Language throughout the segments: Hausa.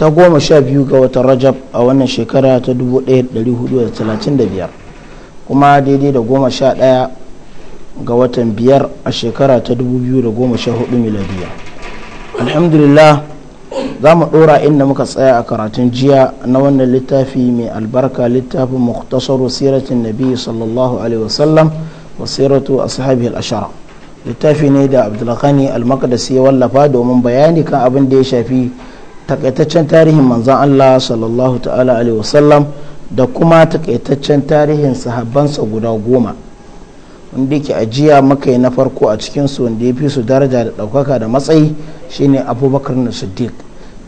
ta goma sha biyu ga watan rajab a wannan shekara ta 1435 kuma daidai da goma sha daya ga watan biyar a shekara ta 2014 miladiya alhamdulillah za mu ɗora inda muka tsaya a karatun jiya na wannan littafi mai albarka littafin muktasaru siratin nabi sallallahu alaihi wasallam wa siratu ashabi al-ashara littafi ne da abdulghani al-maqdisi ya wallafa domin bayani kan abin da ya shafi takaitaccen tarihin manzon Allah sallallahu ta'ala alaihi wasallam da kuma takaitaccen tarihin sahabbansa guda goma wanda yake ajiya makai na farko a cikin su wanda ya fi su daraja da ɗaukaka da matsayi shine abubakar na siddiq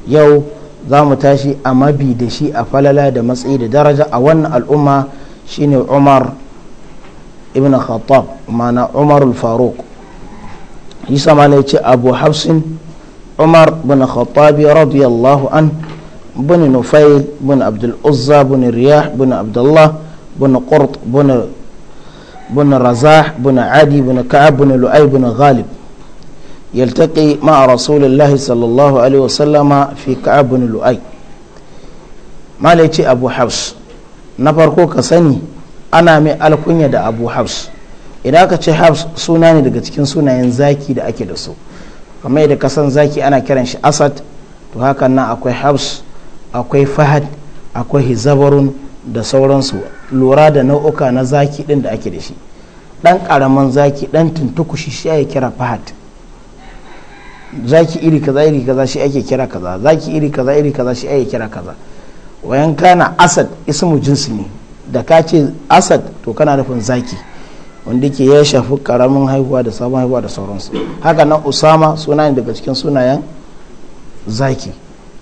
yau za mu tashi a mabi da shi a falala da matsayi da daraja a wannan al'umma shine umar ibn khattab mana umar faruk faruq isa ma ne ce abu hafsin Umar bin Khattabi radiyallahu an bin Nufail bin Abdul Uzza bin Riyah bin Abdullah bin Qurt bin bin bin Adi bin Ka'ab bin Lu'ay bin Ghalib yaltaki ma a rasulun lahi sallallahu alaihi wasallama fi Ka'ab bin Lu'ay ma le abu haus na farko ka sani ana mai alkunya da abu haus idan aka ce haus suna ne daga cikin sunayen zaki da ake da su kamar yadda kasan zaki ana kiran shi asad to hakan nan akwai habs akwai fahad akwai hizabarun da sauransu lura da nau'uka na zaki din da ake da shi dan karaman zaki dan tuntukushi shi ake kira fahad zaki iri kaza iri kaza shi ake kira kaza zaki iri kaza iri kaza shi ake kira kaza wayan kana asad ismu jinsi ne da ka ce asad to kana nufin zaki wanda ke ya shafi karamin haihuwa da sabon haihuwa da sauransu haka nan usama suna ne daga cikin sunayen zaki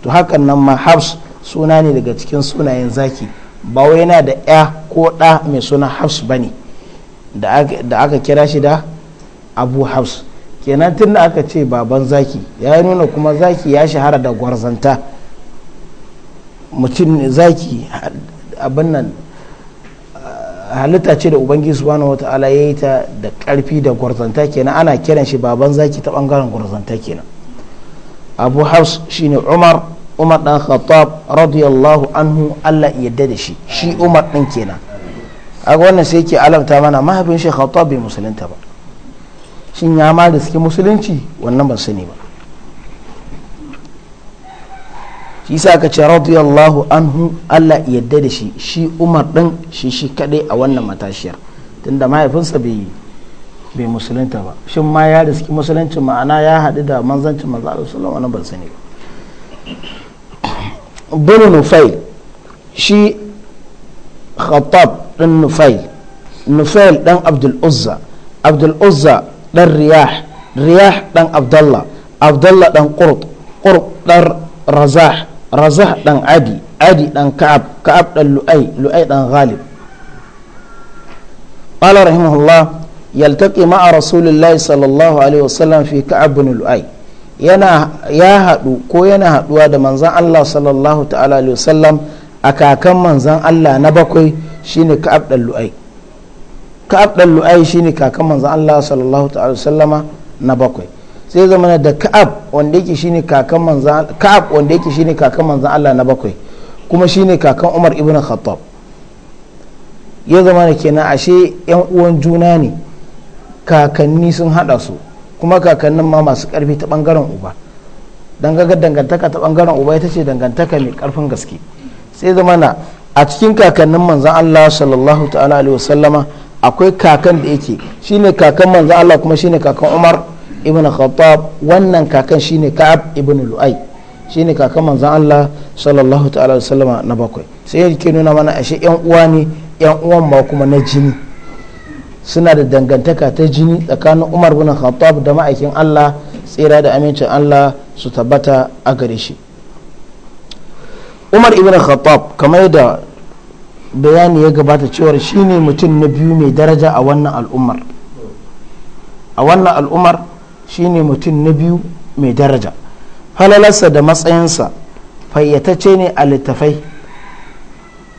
to hakanan nan ma habs suna ne daga cikin sunayen zaki ba wai yana da ya ko ɗa mai suna habs ba ne da aka kira shi da abu habs kenan tun da aka ce baban zaki ya nuna kuma zaki ya shahara da gwarzanta mutum zaki abin nan halitta ce da ubangiji subhanahu wata'ala ya yi ta da karfi da gwarzanta kenan ana kiran shi baban zaki ta bangaren gwarzanta kenan abu haus shine umar umar dan khattab radiyallahu anhu allah yadda da shi shi umar din kenan a wannan sai ke alamta mana mahaifin shi khattab bai musulunta ba shin ya ma da suke musulunci wannan ban sani ba shi sa ka ce radiyallahu anhu Allah yadda da shi shi Umar din shi shi kadai a wannan matashiyar tunda mahaifinsa bai bai musulunta ba shin ma ya riski musulunci ma'ana ya haɗu da manzancin manzo Allah sallallahu ban sani bin nufail shi khattab din nufail nufail dan abdul uzza abdul uzza dan riyah riyah dan abdullah abdallah dan qurb qurb dan razah razah dan adi adi dan ka'ab ka'ab dan lu'ai lu'ai dan ghalib قال رحمه الله يلتقي مع رسول الله صلى الله عليه وسلم في yana ya haɗu ko yana haɗuwa da manzan Allah sallallahu ta'ala alaihi wasallam a kakan manzan Allah na bakwai shine ka'ab dan lu'ai ka'ab dan lu'ai shine kakan manzan Allah sallallahu ta'ala alaihi wasallama na bakwai sai zama da ka'ab wanda yake shine kakan manzan ka'ab wanda yake shine kakan manzan Allah na bakwai kuma shine kakan Umar ibn Khattab ya zama da kenan ashe yan uwan juna ne kakanni sun hada su kuma kakannin ma masu karfi ta bangaren uba dan ga dangantaka ta bangaren uba ita ce dangantaka mai karfin gaske sai zama na a cikin kakannin manzan Allah sallallahu ta'ala alaihi wasallama akwai kakan da yake shine kakan manzan Allah kuma shine kakan Umar ibn khattab wannan kakan shine ka'ab ibn lu'ai shine kakan manzan Allah sallallahu ta'ala sallama na bakwai sai yake nuna mana ashe yan uwa ne yan uwan ma kuma na jini suna da dangantaka ta jini tsakanin Umar ibn Khattab da ma'aikin Allah tsira da amincin Allah su tabbata a gare shi Umar ibn Khattab kamar da bayani ya gabata cewar shine mutum na biyu mai daraja a wannan al'ummar a wannan al'ummar shine mutum na biyu mai daraja falalarsa da matsayinsa fayyatacce ne a littafai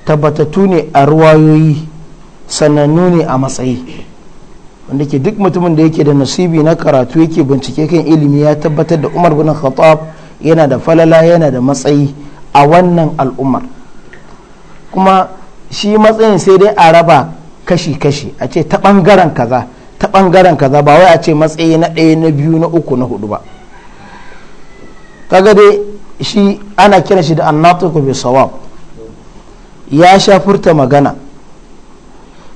tabbatattu ne a ruwayoyi sanannu ne a matsayi wanda ke duk mutumin da yake da nasibi na karatu yake bincike kan ilimi ya tabbatar da umar bin khattab yana da falala yana da matsayi a wannan al'ummar kuma shi matsayin sai dai a raba kashi-kashi a ce ta ɓangaren kaza ta bangaren kaza ba wai a ce matsayi na ɗaya na biyu na uku na hudu ba kaga dai shi ana kiran shi da annatuku bi sawab ya sha furta magana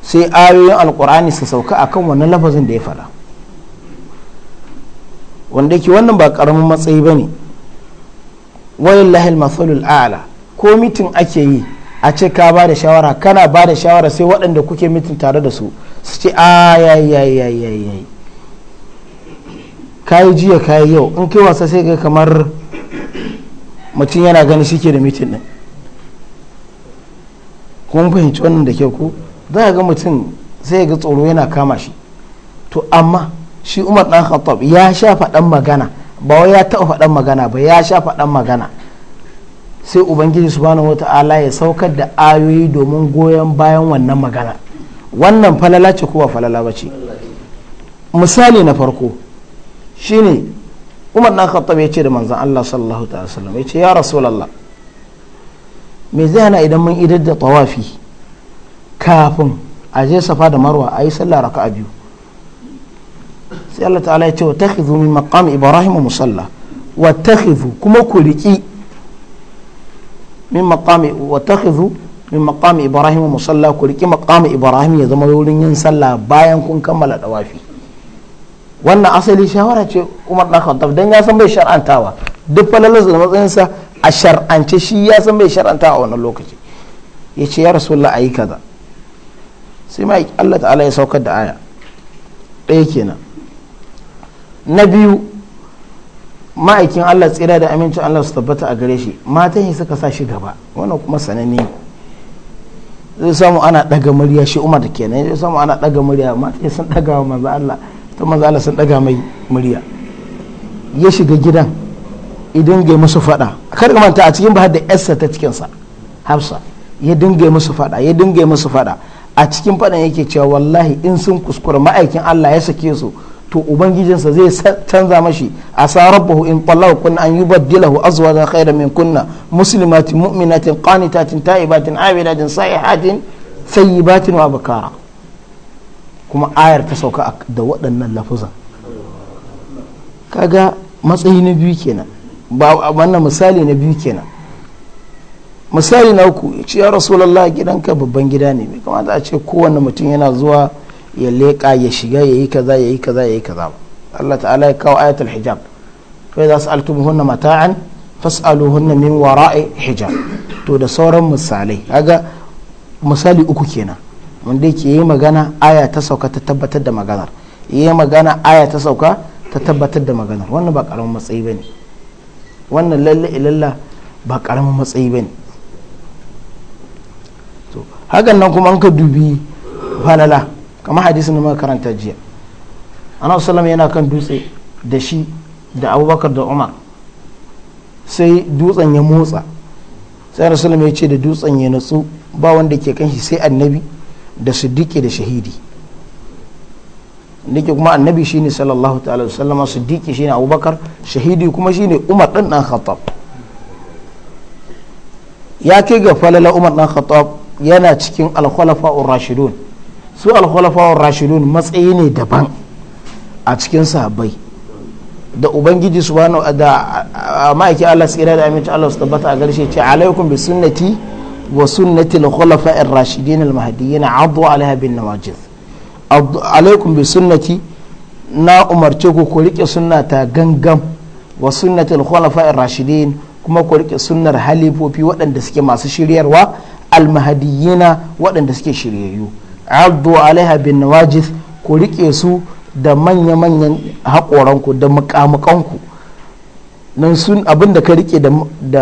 sai ayoyin alkur'ani su sauka akan wannan lafazin da ya faɗa wanda ke wannan ba karamin matsayi ba ne wayan mathalul a'la ko mitin ake yi a ce ka ba da shawara kana ba da shawara sai waɗanda kuke mitin tare da su su ce ka kayi jiya kayi yau in kai wasa sai ga kamar mutum yana gani shi ke da mitin ɗin kun fahimci wannan da ke ku za ga mutum sai ga tsoro yana kama shi to amma shi umar dan khattab ya sha faɗan magana ba wai ya taɓa faɗan magana ba ya sha faɗan magana sai ubangiji subhanahu wata'ala ya saukar da ayoyi domin goyon bayan wannan magana wannan falala ce ko falala ba ce misali na farko shine umar na khattab ya ce da manzan Allah sallallahu ta'ala sallam ya ce ya rasulallah me zai hana idan mun idar da tawafi kafin a je safa da marwa a yi sallah raka'a biyu sai Allah ta'ala ya ce wa takhidhu min maqam ibrahim musalla wa zu kuma ku riki min maqam wa zu. min maqami ibrahim musalla ku riki maqami ibrahim ya zama wurin yin sallah bayan kun kammala dawafi wannan asali shawara ce Umar dan Khattab dan ya san bai shar'antawa duk falalas da matsayin sa a shar'ance shi ya san bai shar'antawa a wannan lokaci yace ya rasulullah ayi kaza sai ma Allah ta'ala ya saukar da aya ɗaya kenan na biyu ma'aikin Allah tsira da amincin Allah su tabbata a gare shi matan shi suka sa shi gaba wannan kuma sananne zai samu ana daga murya shi umar da kenan zai samu ana daga murya mata sun daga wa manzo Allah ta manzo Allah sun daga mai murya ya shiga gidan idan ga musu fada kar ka manta a cikin bahar da yarsa ta cikin sa Hafsa ya dinga musu fada ya dinga musu fada a cikin fadan yake cewa wallahi in sun kuskura ma'aikin Allah ya sake su to ubangijinsa zai canza mashi asa bahu in tallahu kunna an yubaddilahu azwajan khairan min kunna muslimatin mu'minatin qanitatin ta'ibatin abidatin sa'ihatin sayyibatin wa bakara kuma ayar ta sauka da waɗannan lafuzan kaga matsayi na biyu kenan ba wannan misali na biyu kenan misali na uku ya ce ya rasulallah gidanka babban gida ne bai kamata a ce kowane mutum yana zuwa ya leƙa ya shiga ya yi kaza ya yi kaza ya yi kaza ba Allah ta'ala ya kawo ayatul hijab fa idza hunna mata'an fas'aluhunna min wara'i hijab to da sauran misalai kaga misali uku kenan wanda yake yi magana aya ta sauka ta tabbatar da maganar yi magana aya ta sauka ta tabbatar da maganar wannan ba karamin matsayi bane wannan lalle ilalla ba karamin matsayi bane to hakan nan kuma an ka dubi falala kamar hadisin da muka karanta jiya annabi sallallahu yana kan dutse da shi da abubakar da umar sai dutsen ya motsa sai rasulun ya ce da dutsen ya natsu ba wanda ke kan shi sai annabi da su dike da shahidi ke kuma annabi shine sallallahu ta'ala sallama su dike shine abubakar shahidi kuma shine umar dan dan khattab ya kai ga falala umar dan khattab yana cikin alkhulafa rashidun su alkhulafawar rashidun matsayi ne daban a cikin sabai da ubangiji su subhanahu da ma'aikin Allah su da aminci Allah su tabbata a garshe ce alaikum bi sunnati wa sunnati al-khulafa'ir rashidin al-mahdiyyin addu alaiha bin nawajiz alaikum bi sunnati na umarce ku ku rike ta gangan wa sunnati al-khulafa'ir rashidin kuma ku rike sunnar halifofi waɗanda suke masu shiryarwa al waɗanda suke shiryayyu addu alaiha bin nawajis ku rike su da manya-manyan haƙoranku da muƙamuƙanku nan sun abin da ka rike da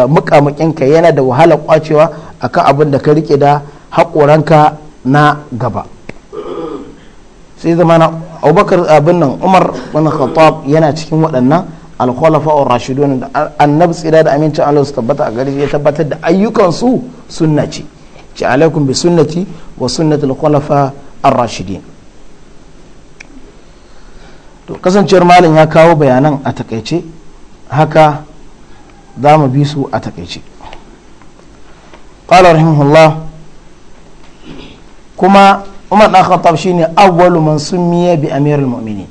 muƙamuƙinka yana da wahala kwacewa akan abin da ka rike da haƙoranka na gaba sai zama na abubakar abin nan umar bin khattab yana cikin waɗannan alkhulafa ar rashidun da annabi tsira da amincin Allah su tabbata a gari ya tabbatar da ayyukansu su sunna ce ci alaikum bi sunnati wa sunnatul khulafa ar-rashidin to kasancewar malam ya kawo bayanan a takaice haka za mu bi su a takaice qala rahimahullah kuma umar dan khattab shine awwalu man summiya bi amirul mu'minin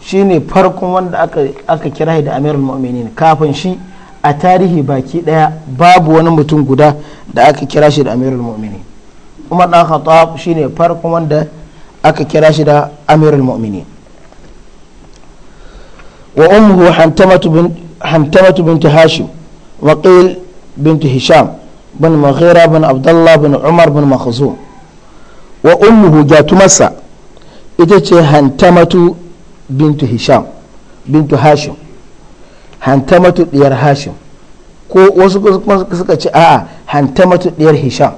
shine farkon wanda aka aka kira da amirul mu'minin kafin shi a tarihi baki daya babu wani mutum guda da aka kira shi da amirul mu'mini umar dan khattab shine farkon wanda aka kira shi da amirul mu'mini wa ummuhu hantamatu bint hashim wa qil bint hisham bin maghira bin abdullah bin umar bin makhzum wa ummuhu jatumasa ita ce hantamatu bint hisham bint hashim hanta matuɗiyar hashim ko wasu suka ce a'a hanta matuɗiyar hisham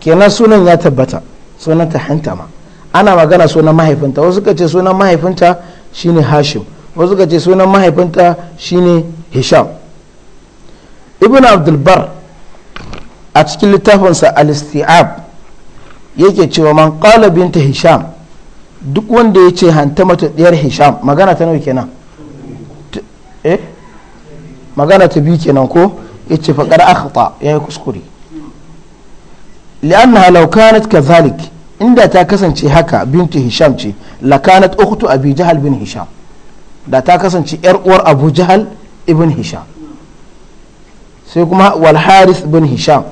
kenan sunan ya tabbata sunan ta hantama ana magana sunan mahaifinta wasu suka ce sunan mahaifinta shine hashim wasu suka ce sunan mahaifinta shine hisham ibn abdulbar a cikin littafinsa al-isti'ab yake cewa man qala binta hisham duk wanda ya ce hanta matuɗiyar hisham magana ta nawa kenan eh magana ta biyu kenan ko yace faqad akhta yayi kuskure li'annaha law kanat kadhalik inda ta kasance haka bintu hisham ce la kanat ukhtu abi jahal bin hisham da ta kasance yar uwar abu jahal ibn hisham sai kuma wal haris bin hisham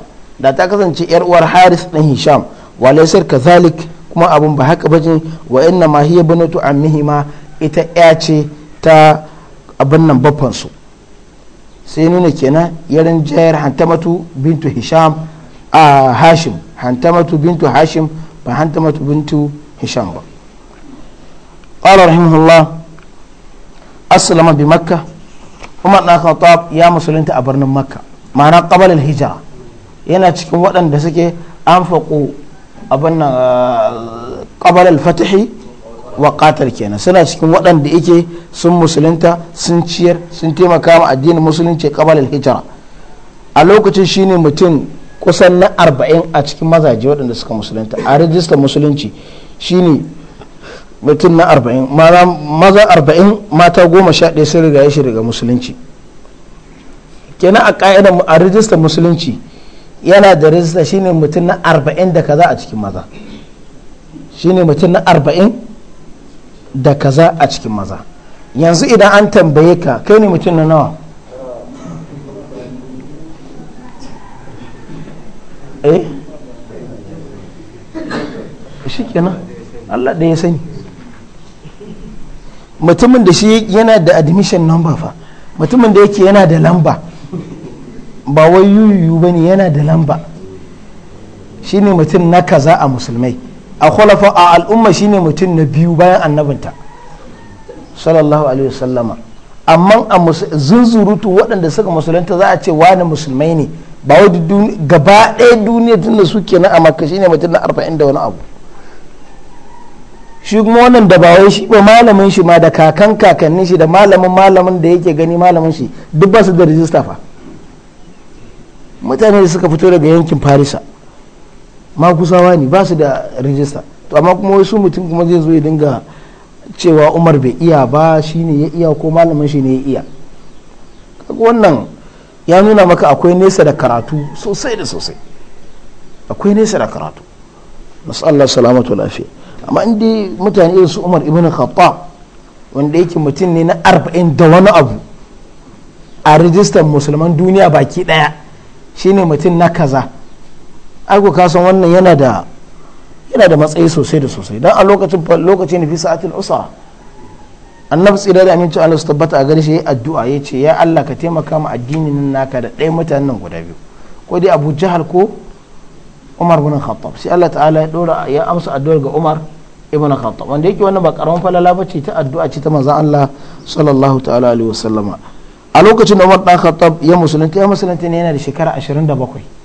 da ta kasance yar uwar haris din hisham walaisar kazalik kuma abun ba haka bajin wa inna ma hiya banatu ammihima ita ya ce ta abin nan baffansu sai nuna kenan yaran jayar hantamatu bintu hisham a hashim hantamatu bintu hashim ba hantamatu bintu hisham ba ƙwarar rahimahullah asalama bi makka umar na khattab ya musulunta a birnin makka ma'ana ƙabalin hijira yana cikin waɗanda suke an faƙo abin nan ƙabalin fatihi wakatar kenan suna cikin waɗanda yake sun musulunta sun ciyar sun taimaka ma addinin musulunci kabal al-hijra a lokacin shine mutum kusan na arba'in a cikin mazaje waɗanda suka musulunta a rijistar musulunci shine mutum na arba'in maza arba'in mata goma sha ɗaya sun riga shi daga musulunci kenan a ƙa'idar a rijistar musulunci yana da rijista shine mutum na arba'in da kaza a cikin maza shine mutum na arba'in da kaza a cikin maza yanzu idan an tambaye ka kai ne mutum na nawa eh shi kenan Allah da ya sani mutumin da shi yana da admission number fa mutumin da yake yana da lamba ba wai yuyu ba ne yana da lamba shi ne mutum na kaza a musulmai a khulafa a al'umma shine mutum na biyu bayan annabinta sallallahu alaihi wasallama amma a zunzurutu waɗanda suka musulunta za a ce wani musulmai ne ba wadda gaba ɗaya duniya tun da suke na amaka shine mutum na arba'in da wani abu shi kuma wannan da ba wai shi ba malamin shi ma da kakan kakannin shi da malamin malamin da yake gani malamin shi duk ba su da rijista fa mutane da suka fito daga yankin farisa makusawa ne ba su da rijista to amma kuma wasu mutum kuma zai zo ya dinga cewa umar bai iya ba shi ne ya iya ko malamin shi ne ya iya wannan ya nuna maka akwai nesa da karatu sosai da sosai akwai nesa da karatu masu Allah salamatu lafiya amma inda mutane irin su umar ibn khattab wanda yake mutum ne na arba'in da wani abu a rijistar musulman duniya baki daya shine mutum na kaza aiko kasan wannan yana da yana da matsayi sosai da sosai don a lokacin lokaci ne fi sa'atul usra annabi tsira da aminci Allah su tabbata a gani shi addu'a ya ce ya Allah ka taimaka ma addinin naka da ɗaya mutanen nan guda biyu ko dai Abu Jahal ko Umar ibn Khattab sai Allah ta'ala ya dora ya amsa addu'ar ga Umar ibn Khattab wanda yake wannan ba karamin falala bace ta addu'a ce ta manzon Allah sallallahu ta'ala alaihi wasallama a lokacin da Umar dan Khattab ya musulunta ya musulunta ne yana da shekara 27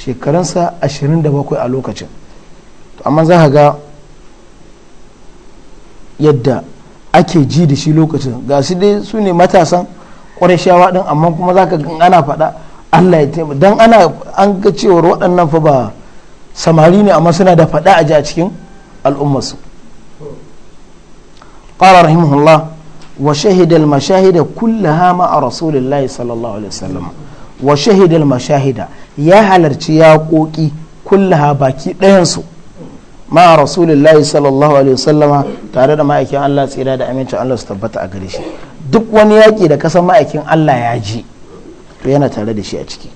shekarunsa 27 a lokacin amma za ka ga yadda ake ji da shi lokacin ga su dai su ne matasan shawa din amma kuma za ka ana faɗa allah ya taimaka don ana an ga cewar waɗannan fa ba samari ne amma suna da faɗa a ji a cikin al'ummarsu قال رحمه الله mashahida المشاهد hama a rasulullahi sallallahu alaihi الله عليه وسلم وشهد mashahida. ya halarci ya yaƙoƙi kullaha baki ɗayansu ma rasulullahi sallallahu alaihi wasallama tare da ma'aikin Allah tsira da amincin Allah su tabbata a gare shi duk wani yaƙi da kasan ma'aikin Allah ya ji to yana tare da shi a ciki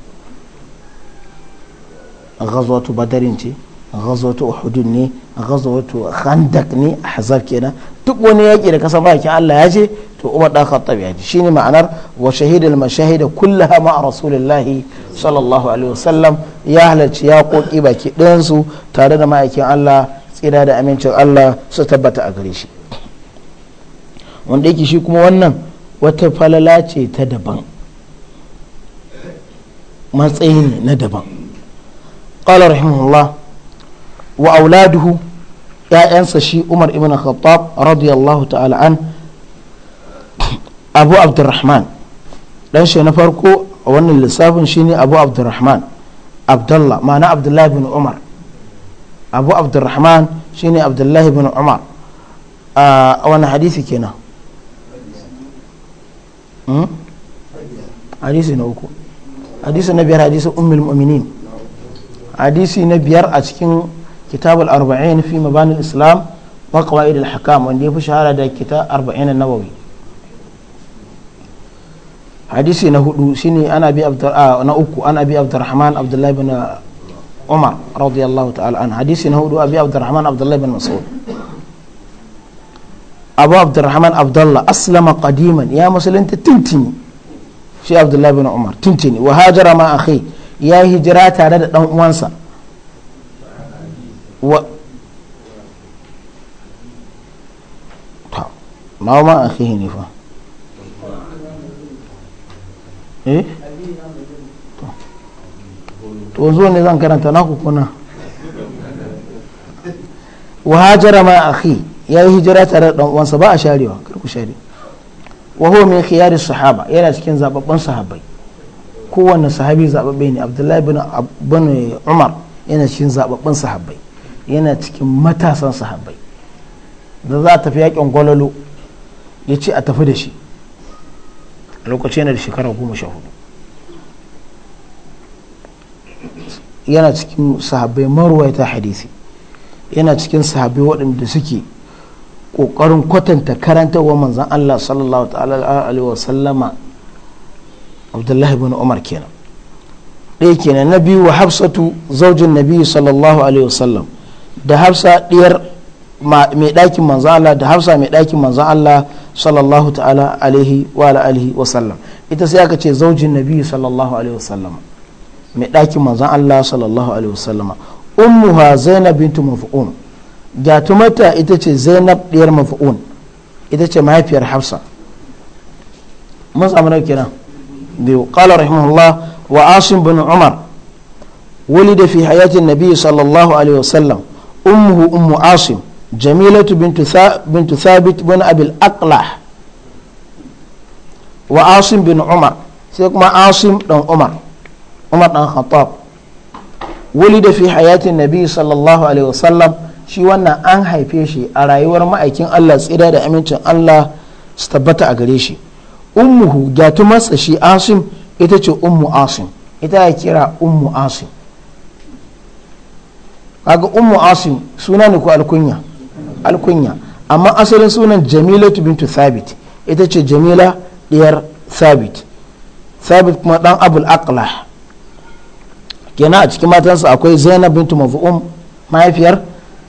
ghazwatu badarin ce ghazwatu uhud ne ghazwatu khandak ne ahzab kenan duk wani yaki da kasa bakin Allah ya je to Umar da Khattab ya je shine ma'anar wa shahidal mashahida kullaha ma rasulillahi sallallahu alaihi wasallam ya halarci ya koki baki ɗayan su tare da ma'aikin Allah tsira da amincin Allah su tabbata a gare shi wanda yake shi kuma wannan wata falala ce ta daban matsayi ne na daban قال rahimahullah wa auladuhu ‘ya'yansa shi umar ibn khattab radiyallahu ta'ala an abu abdurrahman dan shi na farko a wannan lissafin shine abu abdurrahman abdullah ma'ana abdullahi bin umar abu abdurrahman shine abdullahi bin umar a wani hadisi kenan hmm? hadisi na uku hadisi na biyar hadisi ummul mu'minin hadisi na biyar a cikin كتاب الأربعين في مباني الإسلام وقوائد الحكام وندي فشارة دا كتاب أربعين النووي حديثي نهدو سيني أنا أبي عبد آه أنا أكو أنا أبي عبد الرحمن عبد الله بن عمر رضي الله تعالى عنه حديثي نهدو أبي عبد الرحمن عبد الله بن مسعود أبو عبد الرحمن عبد الله أسلم قديما يا مسلم أنت تنتني في عبد الله بن عمر تنتني وهاجر مع أخي يا هجرات على وانسى wa ma ma a kai ne eh to zo ne zan karanta kuna wa hajara ma ya yi hijira tare da dan ba a sharewa karku share wa huwa min khiyari sahaba yana cikin zababban sahabbai kowanne sahabi zababbe ne abdullahi bin umar yana cikin zababban sahabbai yana cikin matasan sahabbai da za a tafi yakin gwalalo ya ce a tafi da shi a lokaci yana da shekara goma sha hudu yana cikin sahabbai ta hadisi yana cikin sahabbai waɗanda suke ƙoƙarin kwatanta karantarwa manzan Allah sallallahu wa sallama abdullahi bin umar kenan ɗaya kenan na biyu wa hafsatu zaujin nabi sallallahu alaihi wasallam da hafsa ɗiyar mai ɗakin manzan Allah da hafsa mai ɗakin manzan Allah sallallahu ta'ala alaihi wa alihi wa sallam ita sai aka ce zaujin nabi sallallahu alaihi wa sallam mai ɗakin manzan Allah sallallahu alaihi wa sallama ummuha zainab bintu mafu'un gatumata ita ce zainab ɗiyar mafu'un ita ce mahaifiyar hafsa mun samu nau kenan biyu qala rahimahullah wa asim bin umar ولد في حياة النبي صلى الله عليه وسلم ummuhu ummu asim jamilatu bintu thabit bin abil aqlah wa asim bin umar sai kuma asim dan umar umar dan khattab da fi hayatin nabi sallallahu alaihi wasallam shi wannan an haife shi a rayuwar ma'aikin allah tsira da amincin allah su tabbata a gare shi ummuhu gyatu matsa shi asim ita ce ummu asim ita a kira ummu asim kaga ummu asim suna ne ko alkunya alkunya amma asalin sunan jamilatu bintu thabit ita ce jamila diyar thabit thabit kuma dan abul aqlah kenan a cikin matansa akwai zainab bintu mafi'um mahaifiyar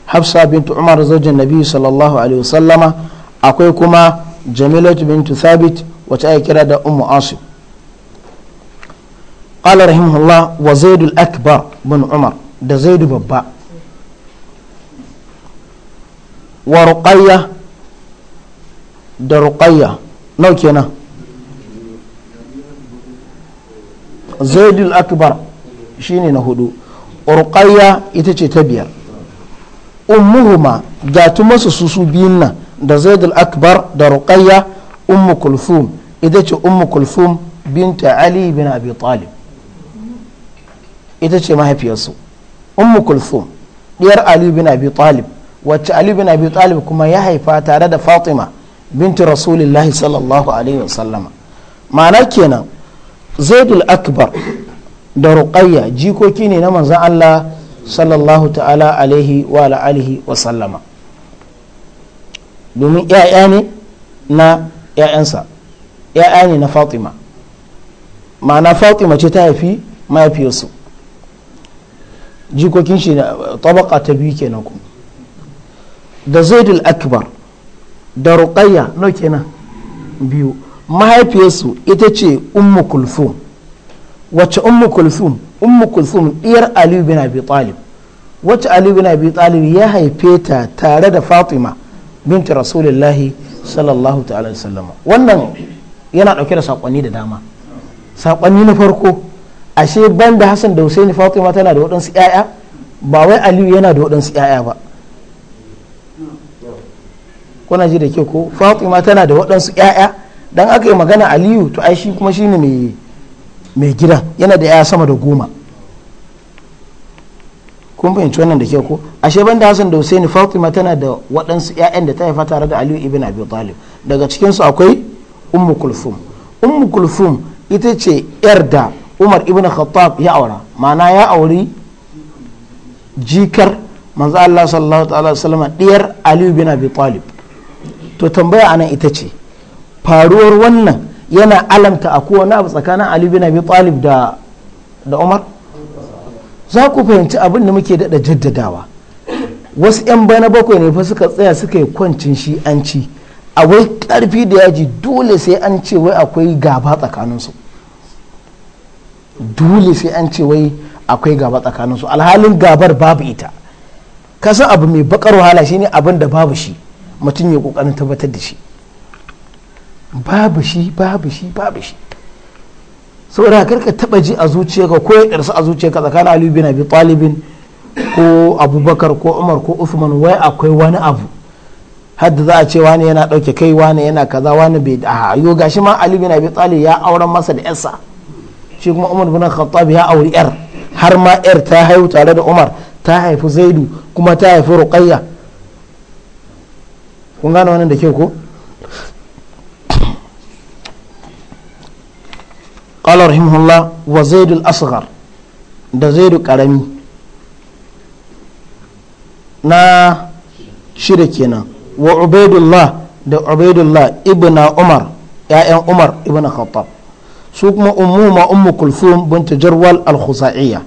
hafsa bintu umar zaujin nabi sallallahu alaihi wasallama akwai kuma jamilatu bintu thabit wacce ake kira da ummu asim قال رحمه الله وزيد الأكبر بن عمر ده زيد ببا wa ruqayya da ruqayya nau kenan zaidul akbar shine na hudu ruqayya ita ce ta biyar ummuhuma ga masu su su biyun nan da zaidul akbar da ruqayya ummu kulfum ita ce ummu kulfum binta ali bin abi talib ita ce mahaifiyarsu ummu kulfum diyar ali bin abi talib wacce ali bin abi talib kuma ya haifa tare da fatima binti Rasulullahi sallallahu alaihi wasallama ma'ana kenan zaidul akbar da ruqayya jikoki ne na manzan Allah sallallahu ta'ala alaihi wa alihi wa sallama domin ‘ya'ya ne na ‘ya'yansa ‘ya'ya ne na fatima ma'ana fatima ce ta haifi mahaifiyarsu jikokin shi na tabaka ta biyu kenan kuma da zaidul akbar da ruqayya no kenan biyu mahaifiyarsu ita ce ummu kulthum wacce ummu kulthum ummu kulthum diyar Aliyu bin abi talib wacce ali bin abi talib ya haife ta tare da fatima binti rasulullahi sallallahu ta'ala sallama wannan yana dauke da sakonni da dama sakonni na farko ashe banda hassan da husaini fatima tana da waɗansu 'ya'ya ba wai aliyu yana da waɗansu 'ya'ya ba kuna ji da ke ko fatima tana da waɗansu ƴaƴa dan aka yi magana aliyu to ai shi kuma shine mai mai gidan yana da ƴaya sama da goma kun fahimci wannan da ke ko ashe banda Hassan da Husaini Fatima tana da waɗansu ƴaƴan da ta haifa tare da Aliyu ibn Abi Talib daga cikin su akwai Ummu Kulfum. Ummu Kulfum ita ce yar da Umar ibn Khattab ya aura ma'ana ya auri jikar manzo Allah sallallahu alaihi wasallam diyar Aliyu ibn Abi Talib to tambaya anan ita ce faruwar wannan yana alamta a kowane abu tsakanin ali bin abi talib da da umar za ku fahimci abin da muke daɗa jaddadawa wasu 'yan bana bakwai ne fa suka tsaya suka yi kwancin shi an ci a wai karfi da yaji dole sai an ce wai akwai gaba tsakaninsu dole sai an ce wai akwai gaba su alhalin gabar babu ita kasan abu mai bakar wahala shine abin da babu shi mutum ya kokarin tabbatar da shi babu shi babu shi babu shi saboda karka taba ji a zuciyarka ko ya karsa a zuciyarka tsakanin aliyu bin abi talibin ko abubakar ko umar ko usman wai akwai wani abu hadda za a ce wani yana ɗauke kai wani yana kaza wani bai da a yo gashi ma alibi bin abi talib ya auren masa da yarsa shi kuma umar bin khattab ya auri yar har ma yar ta haihu tare da umar ta haifi zaidu kuma ta haifi ruqayyah. kun gane wannan da kyau ko qala rahimahullah wa zaid al da zaid karami na shida kenan wa ubaidullah da ubaidullah ibna umar ya'yan umar ibn khattab su kuma ummuhuma ummu kulfum bint jarwal al-khusa'iyya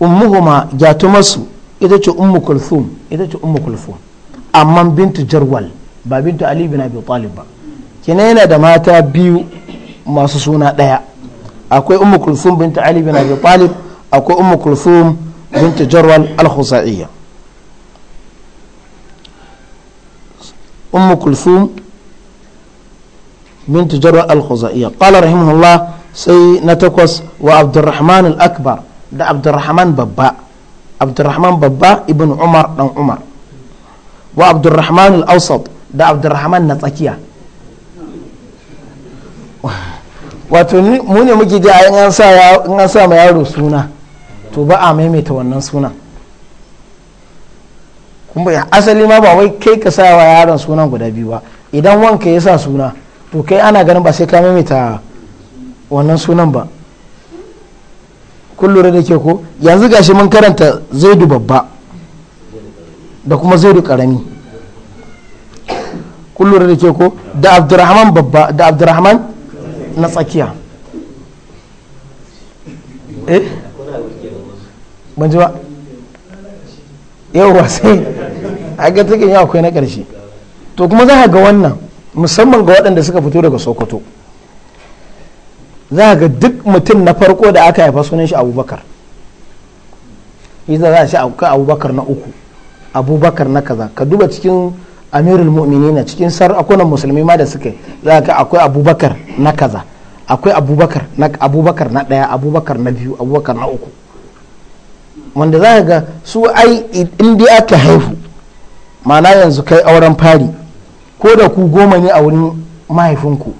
ummuhuma jatumarsu ita ce ummu kulfum ita ce ummu kulfum amma bintu jarwal ba bintu ali bin abi talib ba kenan yana da mata biyu masu suna ɗaya akwai ummu kulsum bintu ali bin abi talib akwai ummu kulsum bintu jarwal al-khusaiya ummu kulsum bintu jarwal al-khusaiya qala rahimahullah sai na takwas wa abdurrahman al-akbar da abdurrahman babba abdurrahman babba ibn umar dan umar wa abdurrahman al-awsat da abdurrahman na tsakiya wato mu ne muke da a in an sa ma yaro suna to ba a maimaita wannan sunan kuma asali ma ba wai kai ka sa wa yaron sunan guda biyu ba idan wanka ya sa suna to kai ana ganin ba sai ka maimaita wannan sunan ba kun da ke ko yanzu gashi mun karanta zaidu babba da kuma zaidu karami kullum da ke ko da abdurrahman babba da abdurrahman na tsakiya eh ban ji ba yawwa sai a ga take yi akwai na karshe to kuma za ga wannan musamman ga waɗanda suka fito daga sokoto za ga duk mutum na farko da aka haifa sunan shi abubakar yi za a shi abubakar na uku abubakar na kaza ka duba cikin amirul na cikin sar akwai musulmi ma da suke za ka akwai abubakar na kaza akwai abubakar na abubakar na daya abubakar na biyu abubakar na uku wanda za ka ga su ai in dai aka haihu mana yanzu kai auren fari ko da ku goma ne a wurin mahaifinku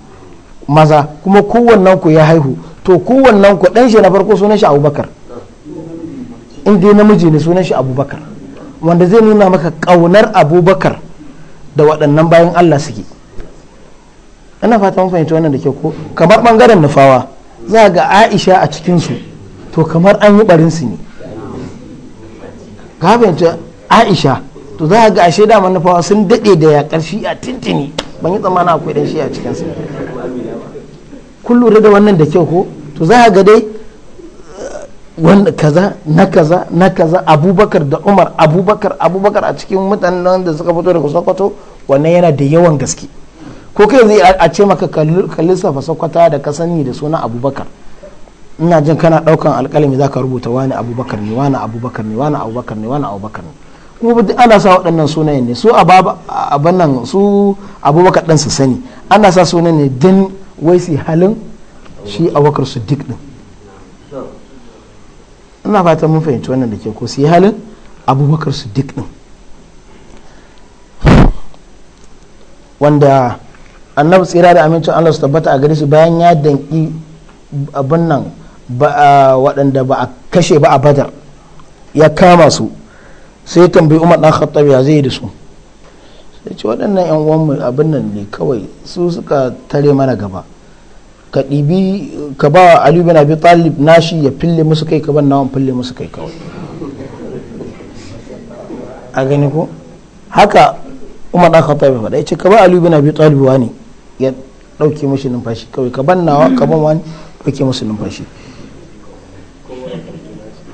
maza kuma kowannen ku ya haihu to kowannen ku dan shi na farko sunan shi abubakar in dai namiji ne sunan shi abubakar wanda zai nuna maka ƙaunar abubakar da waɗannan bayan allah suke ana fata mun fahimci wannan da ke ko kamar ɓangaren nufawa za ga aisha a cikinsu to kamar an yi ɓarinsu ne ka fahimci aisha to za ga ashe da nufawa sun daɗe da ya ƙarshi a tintini ban yi tsammana akwai ɗan shi a cikinsu kun lura da wannan da kyau ko to za ga dai wanda kaza na kaza na kaza abubakar da umar abubakar abubakar a cikin mutanen da suka fito daga sokoto wannan yana da yawan gaske ko kai zai a ce maka kallisa fa sokoto da ka sani da suna abubakar ina jin kana daukan alkalami zaka rubuta wani abubakar ne wani abubakar ne wani abubakar ne wani abubakar ne kuma ana sa waɗannan sunayen ne su aban su abubakar ɗan su sani ana sa sunan ne don wai su halin shi abubakar su dik ɗin ina fatan mun fahimci wannan da ke ko su yi halin abubakar su duk ɗin wanda annabi tsira da amincin allah su tabbata a gare su bayan ya danki abin nan waɗanda ba a kashe ba a badar ya kama su sai tambayi umar ɗan khattab ya zai da su sai ce waɗannan yan uwan abin nan ne kawai su suka tare mana gaba ka ɗibi ka ba Ali bin Abi Talib nashi ya fille musu kai ka ban nawan fille musu kai kawai a gani ko haka Umar dan Khattab ya faɗa yace ka ba Ali bin Abi Talib wani ya dauke mushi numfashi kawai ka ban nawa ka ban wani dauke musu numfashi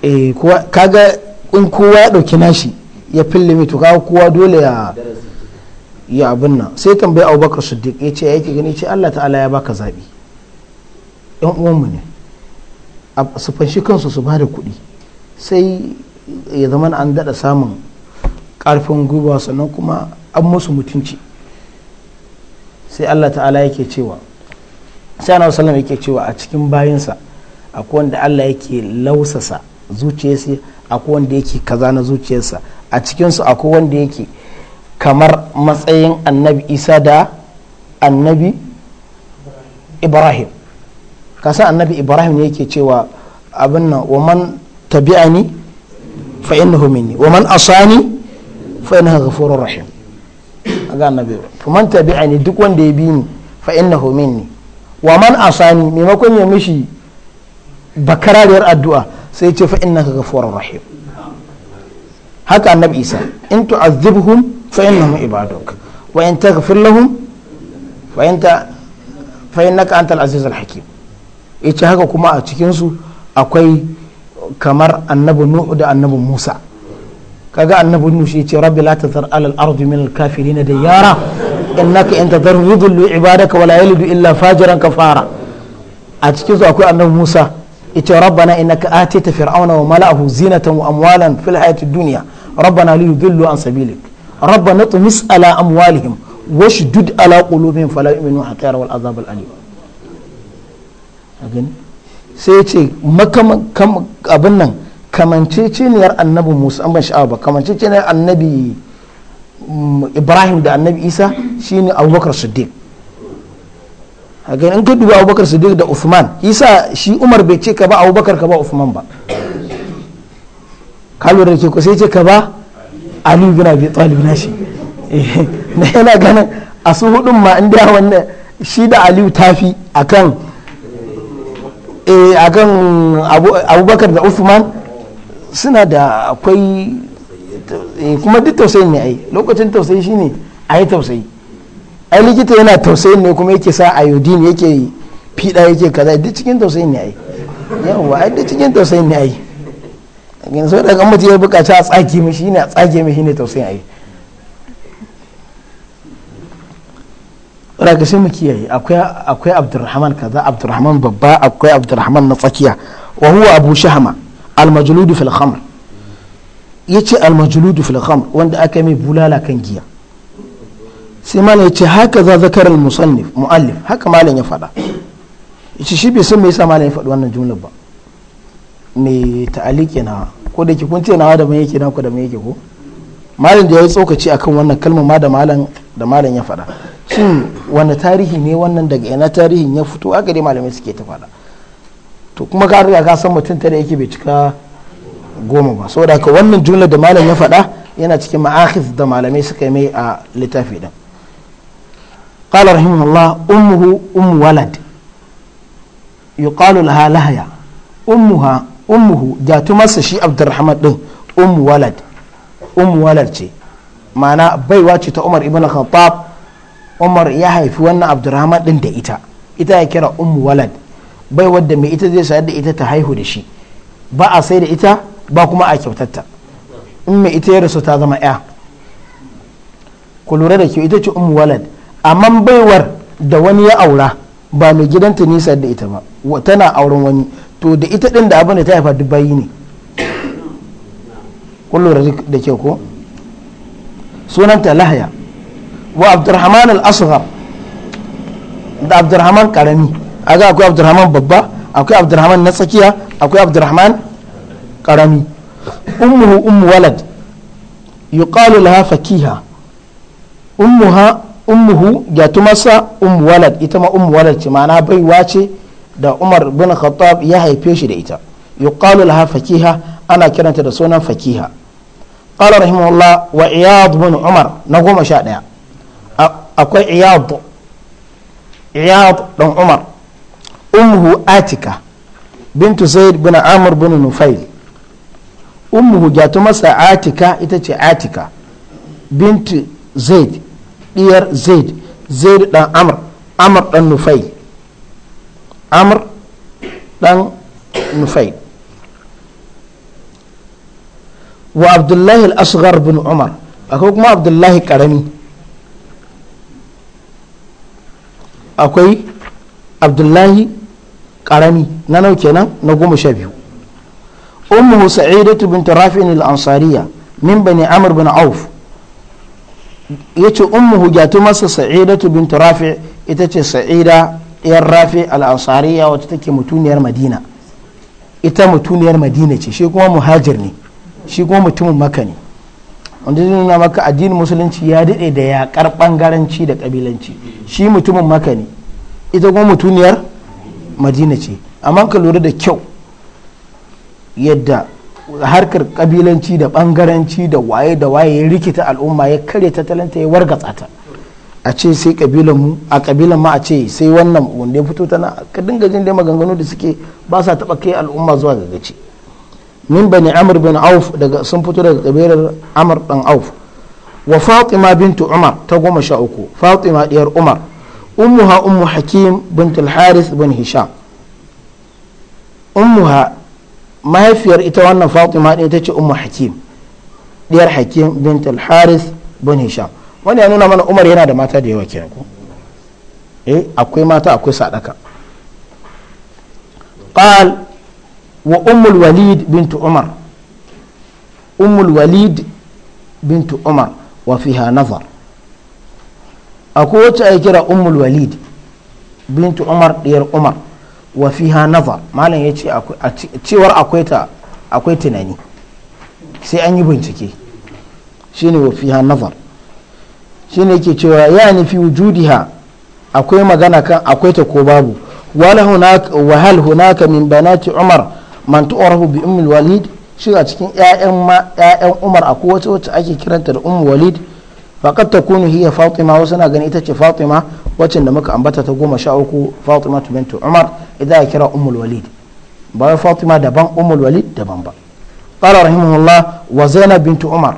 eh kowa kaga in kowa ya dauki nashi ya fille mai to kaga kowa dole ya ya abin nan sai tambayi abubakar siddiq ya ce ya yake gani ce allah ta'ala ya baka zabi yan uwanmu ne su fanshi kansu su ba da kuɗi sai ya zama an daɗa samun ƙarfin gwiwa sannan kuma an musu mutunci sai allah ta'ala yake cewa sai ana wasallam yake cewa a cikin bayansa akwai wanda allah yake lausasa zuciyarsa akwai wanda yake kaza na zuciyarsa a cikinsu akwai wanda yake kamar matsayin annabi isa da annabi ibrahim kasa annabi ibrahim ne yake cewa abin nan waman tabi'a ni fa innahu minni wa man asani fa innahu ghafurur rahim aga annabi waman tabi'a ni duk wanda ya bi ni fa innahu minni wa man asani maimakon ya mishi bakarariyar addu'a sai ce fa innaka ghafurur rahim haka annabi isa in tu'azzibhum fa innahum ibaduk wa in taghfir lahum fa anta fa innaka antal azizul hakim ya ce haka kuma a cikinsu akwai kamar annabi nuhu da annabi musa kaga annabi nuhu shi ce rabbi la tazar alal ardi min al kafirin da yara innaka in tazar yudillu ibadaka wala yalidu illa fajiran kafara a cikin su akwai annabi musa yace rabbana innaka atita fir'auna wa mala'ahu zinatan wa amwalan fil hayati dunya rabbana li yudillu an sabilik rabbana tumis ala amwalihim washdud ala qulubihim fala yu'minu hatta yarawal azab al alim sai ya ce abin nan yar annabi musa amma ban sha'awa ba yar annabi mm, ibrahim da annabi isa shine abubakar siddiq a gani in ka duba abubakar siddiq da usman isa shi umar bai ce ka ba abubakar ka ba usman ba ka da ke sai ce ka ba ali bin abi talib eh, na shi na yana ganin a su hudun ma inda wannan shi da aliyu tafi akan Eh, a kan abubakar da usman suna da akwai eh, kuma duk tausayin ne yi lokacin tausayi shine a yi tausayi yi likita yana tausayin ne kuma yake sa iodine yake fiɗa yake kaza duk cikin tausayin ne yi yawwa ai duk cikin tausayin ne yi yanzu da kan mutu ya bukaci a tsage mishi ne a tsage mishi ne tausayin yi. raga sai mu kiyaye akwai abdurrahman kaza abdurrahman babba akwai abdurrahman na tsakiya wa huwa abu shahma almajludu fil khamr yace almajludu fil khamr wanda aka mai bulala kan giya sai malam yace haka za zakar al musannif muallif haka malam ya faɗa yace shi bai san me yasa malam ya faɗi wannan jumla ba me ta'aliki na ko da ki kun ce nawa da me yake na ku da me yake ko malam da ya yi tsokaci akan wannan kalma ma da malam da malam ya faɗa shin wani tarihi ne wannan daga ina tarihin ya fito aka dai malamai suke ta faɗa to kuma ka riga ka san mutum tare yake bai cika goma ba saboda ka wannan jumla da malam ya faɗa yana cikin ma'akhif da malamai suka yi mai a littafi din قال رحمه الله أمه walad ولد يقال لها لهيا أمها أمه جات مس شي ummu ce ma'ana baiwa ce ta umar ibn khattab umar ya haifi wannan abdurrahman din da ita ita ya kira ummu walad bai wadda mai ita zai sayar da ita ta haihu da shi ba a sai da ita ba kuma a kyautatta in mai ita ya rasu ta zama ya ku lura da kyau ita ce ummu walad amma baiwar da wani ya aura ba mai gidanta nisa da ita ba tana auren wani to da ita din da abin da ta haifa duk ne kullum da ke ko sunanta lahya wa abdurrahman al-asghar da abdurrahman karami aga akwai abdurrahman babba akwai abdurrahman na tsakiya akwai abdurrahman karami ummuhu ummu walad yuqalu laha fakiha ummuha ummuhu ya tumasa ummu walad ita ma ummu walad ce ma'ana baiwa ce da umar bin khattab ya haife shi da ita yuqalu laha fakiha ana kiranta da sunan fakiha قال رحمه الله وعياض بن عمر نقوم أشاء أكوي عياض عياض بن عمر أمه آتكة بنت زيد بن عمر بن نفيل أمه جات مسا آتكة إتتي آتكة بنت زيد إير زيد زيد بن عمر عمر بن نفيل عمر بن نفيل wa abdullahi al bin umar akwai kuma abdullahi karami akwai abdullahi karami na nau kenan na goma sha biyu ummuhu sa'idatu bin tarafin al-ansariya min bani amr bin auf yace ummuhu gatu masa sa'idatu bin rafi' ita ce sa'ida ɗiyar rafi al wata take mutuniyar madina ita mutuniyar madina ce shi kuma muhajir ne shi kuma mutumin maka ne wanda zai nuna maka addinin musulunci ya daɗe da yaƙar ɓangaranci da ƙabilanci shi mutumin maka ne ita kuma mutuniyar madina ce amma ka lura da kyau yadda harkar ƙabilanci da ɓangaranci da waye da waye ya rikita al'umma ya karya ta talanta ya wargatsa ta a ce sai kabilan mu a kabilan ma a ce sai wannan wanda ya fito tana ka dinga jin dai maganganu da suke ba sa taɓa kai al'umma zuwa ga gaci min bani amr bin auf daga sun fito daga kabilar amr dan auf wa fatima bintu umar ta goma uku fatima diyar umar ummuha ummu hakim bintul haris bin hisham ummuha mahaifiyar ita wannan fatima ɗin ita ce ummu hakim diyar hakim bintul haris bin hisham wani ya nuna mana umar yana da mata da yawa kenan ko eh, akwai mata akwai sadaka qal wa umul walid bintu umar umul walid bintu umar wa fiha nazar akwai wacce ake kira umul walid bintu umar diyar umar wa fiha nazar malam ya ce cewar akwai ta akwai tunani sai an yi bincike shine wa fiha nazar shine yake cewa ya nufi wujudiha akwai magana kan akwai ta ko babu wal hunaka min banati umar man tu'rafu bi umul walid shi a cikin ƴaƴan umar a kowace wacce ake kiranta da ummul walid faqad takunu hiya fatima wasu na gani ita ce fatima wacce da muka ambata ta goma sha uku fatima bintu umar idan ya kira umul walid ba fatima daban umul walid daban ba qala rahimahullah wa zainab bintu umar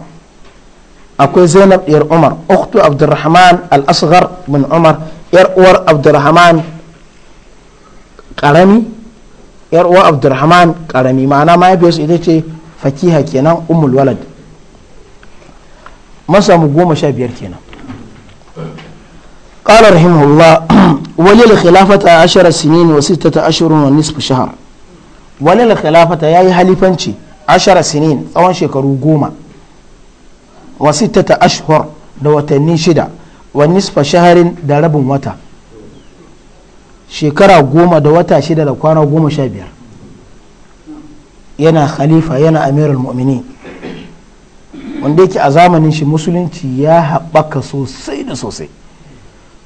akwai zainab ɗiyar umar ukhtu abdurrahman al-asghar bin umar yar uwar abdurrahman karami yar uwa abdurrahman karami ma'ana mahaifiyarsu ita ce fakiha kenan umul walad masamu goma sha biyar kenan قال رحمه الله ya عشر سنين وستة أشهر ونصف شهر tsawon يا goma عشر سنين أوان شكرو قوما وستة أشهر دوتني شدة ونصف شهر shekara goma da wata shida da kwana goma sha biyar yana khalifa yana amirul mu'mini wanda yake a zamanin shi musulunci ya haɓaka sosai da sosai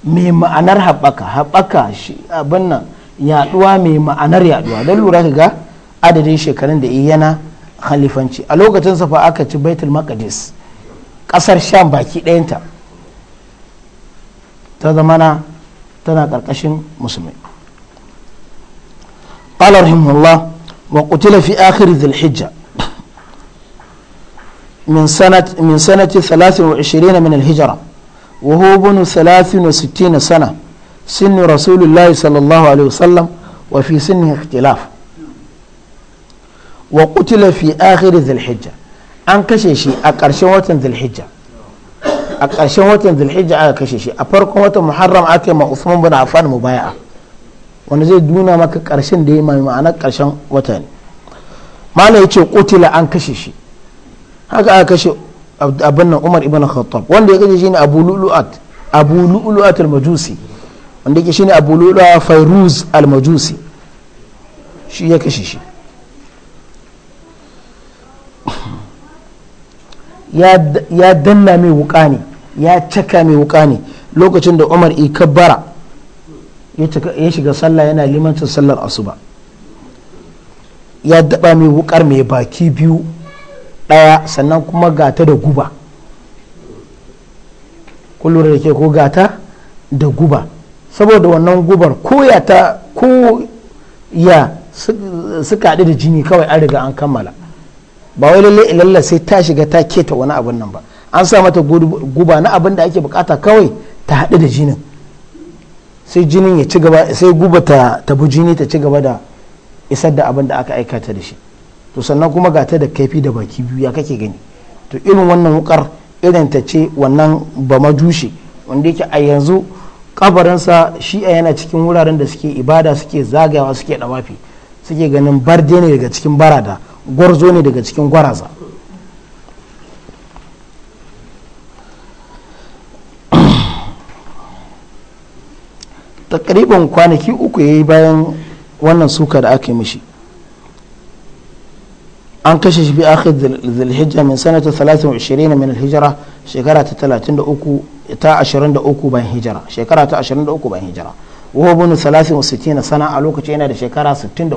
mai ma'anar haɓaka haɓaka shi abin nan yaɗuwa mai ma'anar yaɗuwa don lura ga adadin shekarun da yana khalifanci a lokacin fa aka ci baitul maqdis ƙasar sham baki ɗayanta ta zamana. تناقر قشن مسلم قال رحمه الله وقتل في آخر ذي الحجة من سنة من سنة 23 من الهجرة وهو ابن 63 سنة سن رسول الله صلى الله عليه وسلم وفي سنه اختلاف وقتل في آخر ذي الحجة أنكشي شيء أكرشوة ذي الحجة a ƙarshen watan zulhijja aka kashe shi a farkon watan muharram aka yi ma usman bin mu baya wanda zai duna maka ƙarshen da ya mai ma'ana ƙarshen wata ne malam ya ce kutila an kashe shi haka aka kashe abin nan umar ibn khattab wanda ya kashe shi ne abu lu'lu'at abu lu'lu'at al-majusi wanda yake shi ne abu lu'lu'a fairuz al-majusi shi ya kashe shi ya danna mai wuka ne ya caka mai wuka ne lokacin da umar ikabbara ya shiga sallah yana limancin sallar asuba ya daba mai wukar mai baki biyu daya sannan kuma gata da guba kullum da ke ko gata da guba saboda wannan gubar ko ya ta ko ya suka haɗu da jini kawai an riga an kammala ba wai lalle ilalla sai ta shiga ta keta wani abin nan ba an sa mata guba na abin da ake bukata kawai ta haɗu da jinin sai jinin ya ci gaba sai guba ta tabu jini ta ci gaba da isar da abin da aka aikata da shi to sannan kuma ga ta da kaifi da baki biyu ya kake gani to irin wannan wukar irin ta ce wannan ba majushi wanda yake a yanzu kabarinsa shi'a yana cikin wuraren da suke ibada suke zagayawa suke dawafi suke ganin barde ne daga cikin barada gwarzo ne daga cikin gwaraza takriban kwanaki uku ya yi bayan wannan suka da aka yi mishi an kashe shi bi akhir zulhijja min sanata 23 min hijira shekara ta 33 ta 23 bayan hijira shekara ta 23 bayan hijira wa talatin bin 63 sana a lokacin yana da shekara 63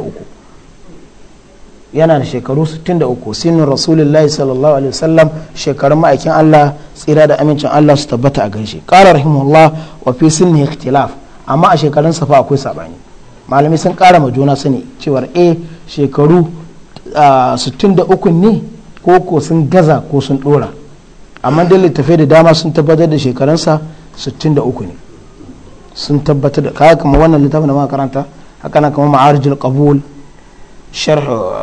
yana da shekaru 63 sinin rasulullahi sallallahu alaihi wasallam shekarun ma'aikin Allah tsira da amincin Allah su tabbata a gaishe qala rahimahullah wa fi sinni ikhtilaf amma a shekarun safa akwai sabani malami sun kara ma juna sani cewar eh shekaru 63 ne ko ko sun gaza ko sun dora amma dai littafai da dama sun tabbatar da shekarunsa 63 ne sun tabbatar da kaya kamar wannan littafin da muka karanta haka nan kamar ma'arijul qabul sharhu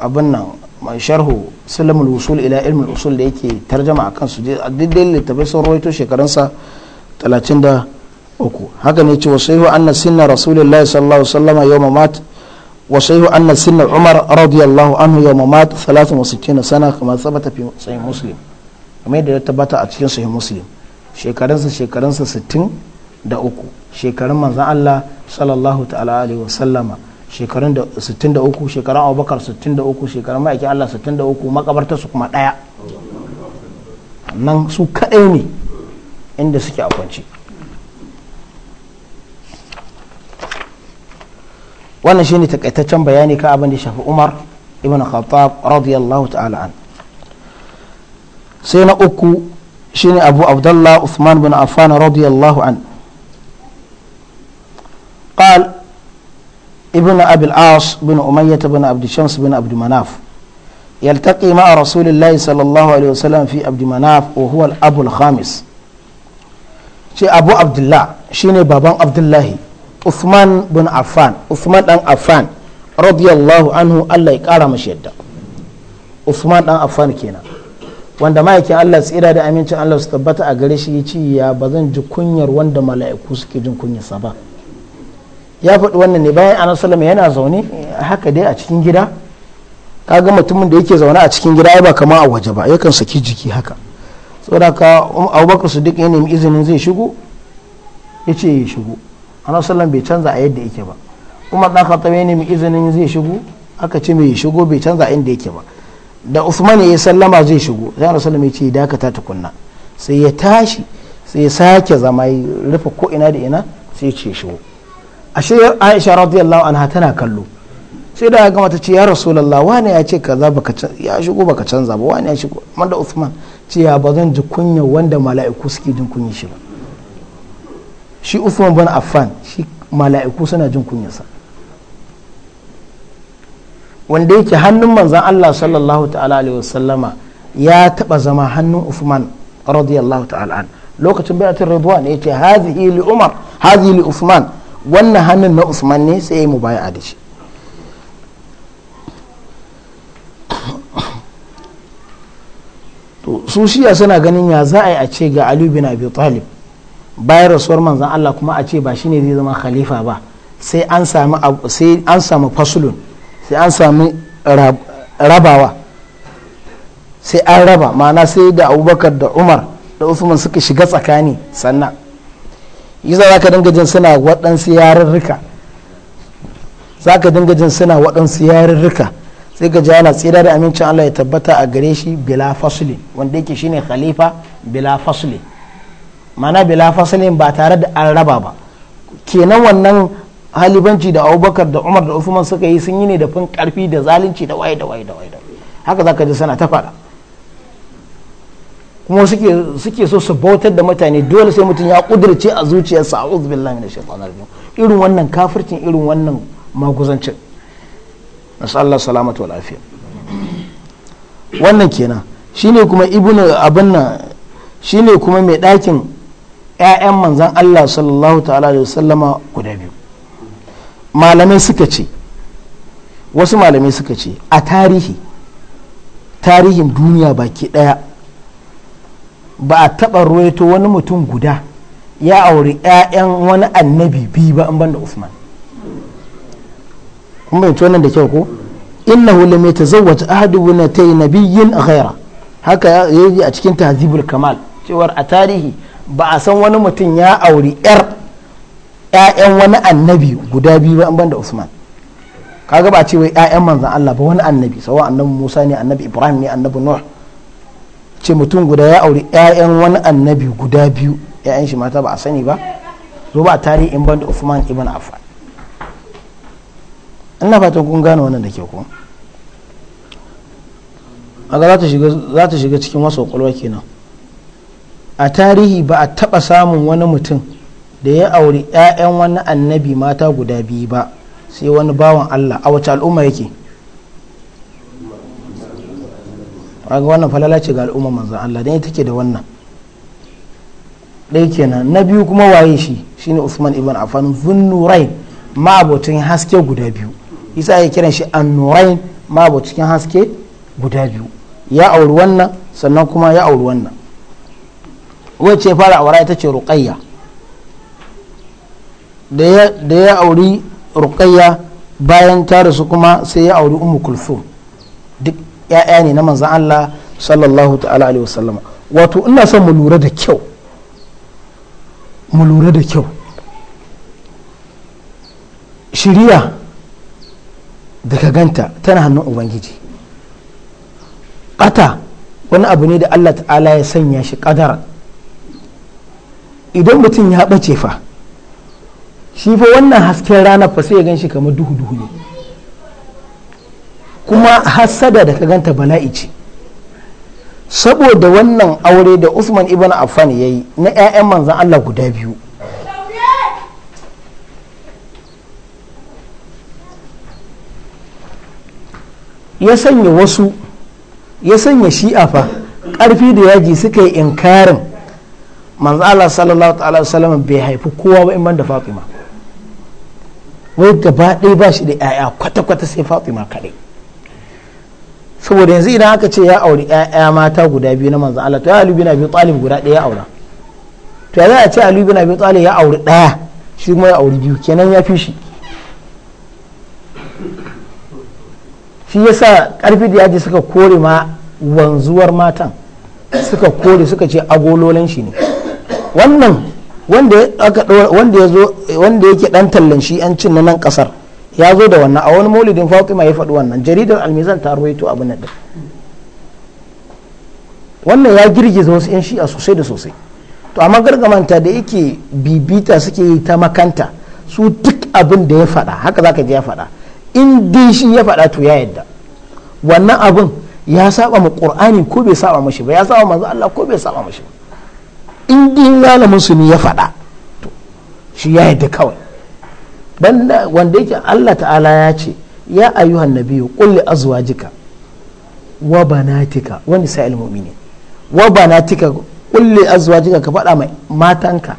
abin nan mai sharhu sulamul usul ila ilmul usul da yake tarjama a kansu daidai littafai sun rawaito shekarunsa 33 haka ne ce wasaihu anna sinna rasulullahi sallallahu alaihi yau yawma mat wasaihu anna sinna umar radiyallahu anhu yau yawma mat 63 sana kamar sabata fi sahih muslim kamar yadda ya tabbata a cikin sahih muslim shekarunsa shekarunsa 63 shekarun manzon Allah sallallahu ta'ala alaihi wasallama shekarun da 63 shekarun abubakar 63 shekarun ma'aikin allah 63 makabarta su kuma ɗaya nan su kaɗai ne inda suke a kwanci wannan ne takaitaccen bayani ka abin da shafi umar ibn khattab radiyallahu ta'ala an sai na uku ne abu abdallah usman bin affan radiyallahu an ابن أبي العاص بن أمية بن عبد الشمس بن عبد مناف يلتقي مع رسول الله صلى الله عليه وسلم في عبد مناف وهو الأب الخامس شيء أبو عبد الله شيني بابا عبد الله عثمان بن عفان عثمان بن عفان رضي الله عنه الله يكرم شدة عثمان بن عفان كينا wanda ma'aikin Allah tsira da amincin Allah su tabbata a gare shi ya ce ya ba zan ji kunyar wanda mala'iku suke jin kunyarsa ba ya faɗi wannan ne bayan anan salama yana zaune eh, haka dai a cikin gida kaga mutumin da yake zaune a cikin gida ai ba kama a waje ba yakan saki jiki haka saboda ka umm, abubakar su duk ya nemi izinin zai shigo ya ce ya shigo anan salama bai canza a yadda yake ba umar ɗan khattab ya nemi izinin zai shigo aka ce mai shigo bai canza a inda yake ba da usman ya sallama zai shigo sai anan salama ya ce dakata tukunna sai ya tashi sai ya sake zama ya rufe ko ina da ina sai ya ce shigo ashe aisha radiyallahu anha tana kallo sai da gama ta ce ya rasulullah wani ya ce kaza baka ya shigo baka canza ba wani ya shigo man da usman ce ya ba zan ji kunya wanda mala'iku suke jin kunya shi ba shi usman bin affan shi mala'iku suna jin kunyarsa wanda yake hannun manzan Allah sallallahu ta'ala alaihi wasallama ya taba zama hannun usman radiyallahu ta'ala an lokacin bai'atul ridwan yace hadhihi li umar hadhihi li usman wannan hannun na usman ne sai ya mu baya da shi su shiya suna ganin ya za a yi a ce ga aliyu bin abi talib bayan rasuwar manzan allah kuma a ce ba shi ne zai zama khalifa ba sai an samu fasulun sai an samu rabawa sai an raba ma'ana sai da abubakar da umar da usman suka shiga tsakani sannan yi za ka dinga jin suna waɗansu yarurruka za ka dinga jin suna waɗansu yarurruka sai ka jana tsira da amincin Allah ya tabbata a gare shi bila fasli wanda yake shine khalifa bila fasli mana bila faslin ba tare da an raba ba kenan wannan halibanci da abubakar da umar da usman suka yi sun yi ne da fin karfi da zalunci da waye da waye da waye haka zaka ji suna ta faɗa kuma suke so su bautar da mutane dole sai mutum ya kudirce a zuciyarsa a a'udhu billahi na shekwan rajim irin wannan kafircin irin wannan maguzancin allah salamatu wa lafiya wannan kenan shine kuma ibnu abin nan shine kuma mai dakin yayan manzan Allah sallallahu ta'ala da sallama guda biyu malamai suka ce wasu malamai suka ce a tarihi tarihin duniya baki ɗaya. ba a taɓa ruwaito wani mutum guda ya auri 'ya'yan wani annabi biyu ba in banda usman kun bayanci wannan da kyau ko ta lam yatazawwaj ahadu yin nabiyyin ghaira haka ya yi a cikin tazibul kamal cewar a tarihi ba a san wani mutum ya auri 'yar 'ya'yan wani annabi guda biyu ba in banda usman kaga ba ce wai 'ya'yan manzan Allah ba wani annabi sawa annabi Musa ne annabi Ibrahim ne annabi Nuh ce mutum guda ya auri 'ya'yan wani annabi guda biyu 'ya'yan shi mata ba a sani ba zo ba tarihi in ban da ufman ibn Affan ina fatan kun gane wannan da ke ku aga za ta shiga cikin wasu kwakwalwa kenan a tarihi ba a taba samun wani mutum da ya auri 'ya'yan wani annabi mata guda biyu ba sai wani bawan Allah a wace al'umma yake kaga wannan falala ce ga al'umma manzan Allah dan take da wannan ɗaya kenan na biyu kuma waye shi shine Usman ibn Affan zunnurai abotin haske guda biyu isa ya kiran shi annurain abotin haske guda biyu ya auri wannan sannan kuma ya auri wannan wacce fara aura ta ce ruqayya da ya auri ruqayya bayan ta rasu kuma sai ya auri ummu kulthum 'ya'ya ne na manzan Allah sallallahu ta'ala alaihi wasallama wato ina son mu lura da kyau mu lura da kyau shiriya da ka ganta tana hannun ubangiji ƙata wani abu ne da Allah ta'ala ya sanya shi ƙadar idan mutum ya ɓace fa shi fa wannan hasken rana fa sai ya gan shi kamar duhu-duhu ne kuma hassada da ka ganta bala'i ce saboda wannan aure da usman ibn affan ya yi na 'ya'yan manzan allah guda biyu ya sanya wasu ya sanya shi'a karfi ƙarfi da yaji suka yi inkarin manzan Allah sallallahu ta'ala wasallam bai haifi kowa ba in banda Fatima wai gaba ɗaya ba shi da 'ya'ya kwata-kwata sai Fatima kaɗai saboda yanzu idan aka ce ya auri ƴaƴa mata guda biyu na manzo Allah to ya alubi na biyu Talib guda ɗaya ya aura to ya za a ce alubi na biyu Talib ya auri ɗaya shi kuma ya auri biyu kenan ya fi shi shi sa karfi da yaji suka kore ma wanzuwar matan suka kore suka ce agololan shi ne wannan wanda ya zo wanda yake dan tallan shi an cin na nan kasar ya zo da wannan a wani maulidin fatima ya faɗi wannan jaridar almizan ta ruwaito na da wannan ya girgiza wasu 'yan shi'a sosai da sosai to amma gargamanta da yake bibita suke yi ta makanta su duk abin da ya faɗa haka zaka je ya faɗa in dai shi ya faɗa to ya yadda wannan abin ya saba mu qur'ani ko bai saba mashi ba ya saba manzo Allah ko bai saba mashi ba in dai malamin su ne ya faɗa to shi ya yadda kawai banda wanda yake Allah ta'ala ya ce ya ayyuhan nabiyyu qul li azwajika wa banatika wa nisa'il mu'minin wa banatika kulle li azwajika ka faɗa mai matanka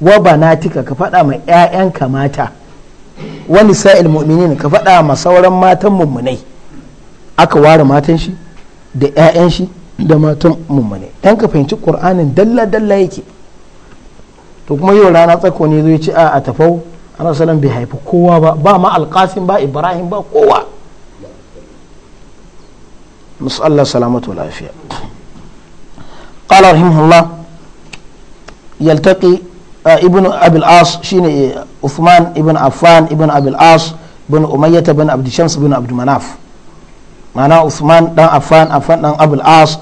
wa banatika ka faɗa mai ƴaƴanka mata wa nisa'il mu'minin ka faɗa ma sauran matan mummunai aka ware matan shi da ƴaƴan shi da matan mummunai dan ka fahimci qur'anin dalla dalla yake to kuma yau rana tsako ne zai ce a tafau ana salam bai haifi kowa ba ba ma alkasin ba ibrahim ba kowa musu allah salamatu lafiya ƙalar himhullah yaltaƙi uh, ibn abil as shine uh, uthman ibn affan ibn abil as ibn umayyata ibn abdishams ibn abdumanaf mana uthman dan affan affan dan abil as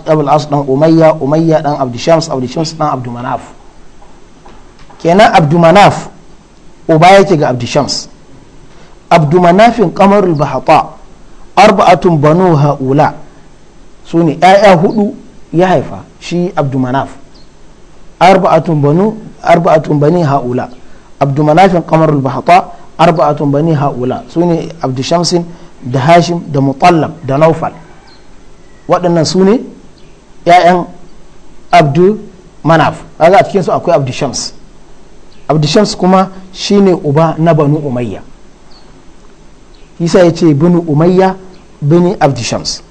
dan umayya umayya dan abdishams abdishams dan abdumanaf kenan abdumanaf uba yake ga shams abdu manafin kamarul bahata arba'atun banu ha'ula su ne 'ya'ya hudu ya haifa shi abdumanaf arba'atun banu arba'atun bani ha'ula manafin kamarul bahata arba'atun bani ha'ula su ne shamsin da hashim da mutallab da naufal waɗannan su ne 'ya'yan abdu manaf a cikin su akwai abdu shams abdushams kuma shine uba na banu umayya isa ya ce binu umayya bini abdushams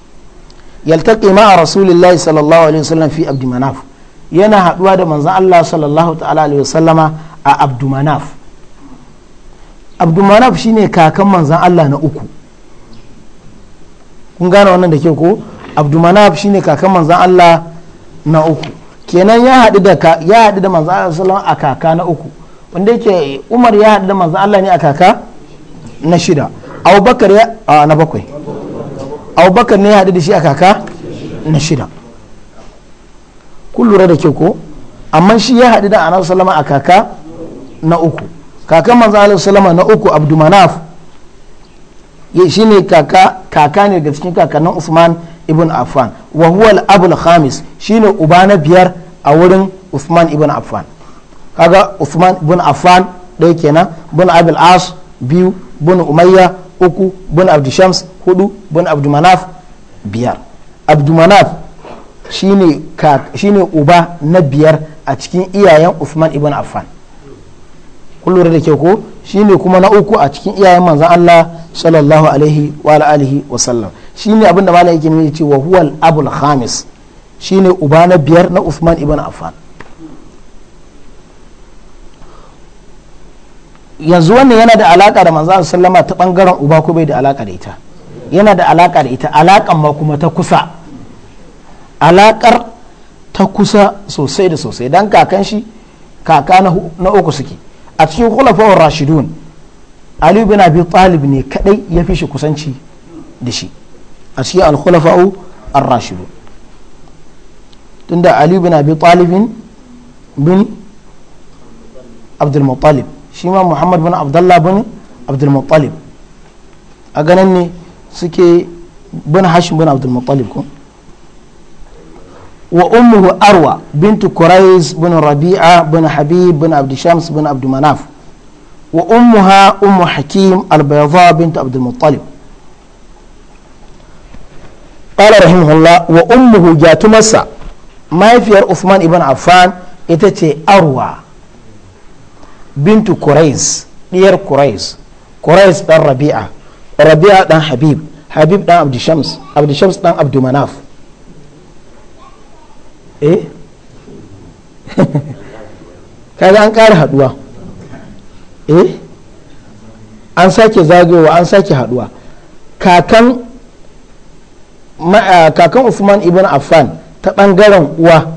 yaltaqi ma'a rasulillahi sallallahu alaihi wasallam fi abdi manaf yana haduwa da manzan Allah sallallahu ta'ala alaihi wasallama a abdu manaf abdu manaf shine kakan manzan Allah na uku kun gane wannan da ke ko abdu manaf shine kakan manzan Allah na uku kenan ya haɗu da manzan Allah sallallahu alaihi wasallam a kaka na uku wanda yake umar ya haɗu da manzan Allah ne a kaka na shida abubakar ya a na bakwai abubakar ne ya haɗu da shi a kaka na shida kun lura da kyau ko amma shi ya haɗu da anabu salama a kaka na uku kakan manzan Allah salama na uku abdu manaf shi ne kaka kaka ne da cikin kakannin usman ibn affan wa huwa al-abul khamis shine uba na biyar a wurin usman ibn affan kaga usman bin Affan ɗaya kenan bin Abil As biyu bin Umayya uku bin Abdu Shams hudu bin Abdu Manaf biyar Abdu Manaf shine shine uba na biyar a cikin iyayen Uthman ibn Affan kullum da ke ko shine kuma na uku a cikin iyayen manzon Allah sallallahu alaihi wa alihi wa sallam shine abinda malam yake nuna cewa huwal abul khamis shine uba na biyar na usman ibn Affan yanzu wannan yana da alaka da manzo sallama ta bangaren uba ko bai da alaka da ita yana da alaka da ita alakan ma kuma ta kusa alakar ta kusa sosai da sosai dan kakan shi kaka na uku suke a cikin khulafa'ur rashidun ali bin abi talib ne kadai ya fi shi kusanci da shi a cikin al-khulafa'u ar-rashidun tunda ali bin abi talibin bin abdul muttalib shi ma muhammad bin abdullah bin abdulmuttalib a ganin ne suke bin hashim bin abdulmuttalib ko wa ummuhu arwa bintu quraiz bin rabi'a bin habib bin abd shams bin abdumanaf manaf wa ummuha ummu hakim al bintu bint abd al-muttalib qala rahimahullah wa ummuhu jatumarsa mahaifiyar usman ibn afan ita ce arwa bintu kurais diyar kurais kurais dan rabi'a rabi'a dan habib habib dan abdu shams abdu shams dan abdu manaf eh kaga an ƙara haduwa eh an sake zagewa an sake haduwa kakan kakan Uthman ibn Affan ta bangaren uwa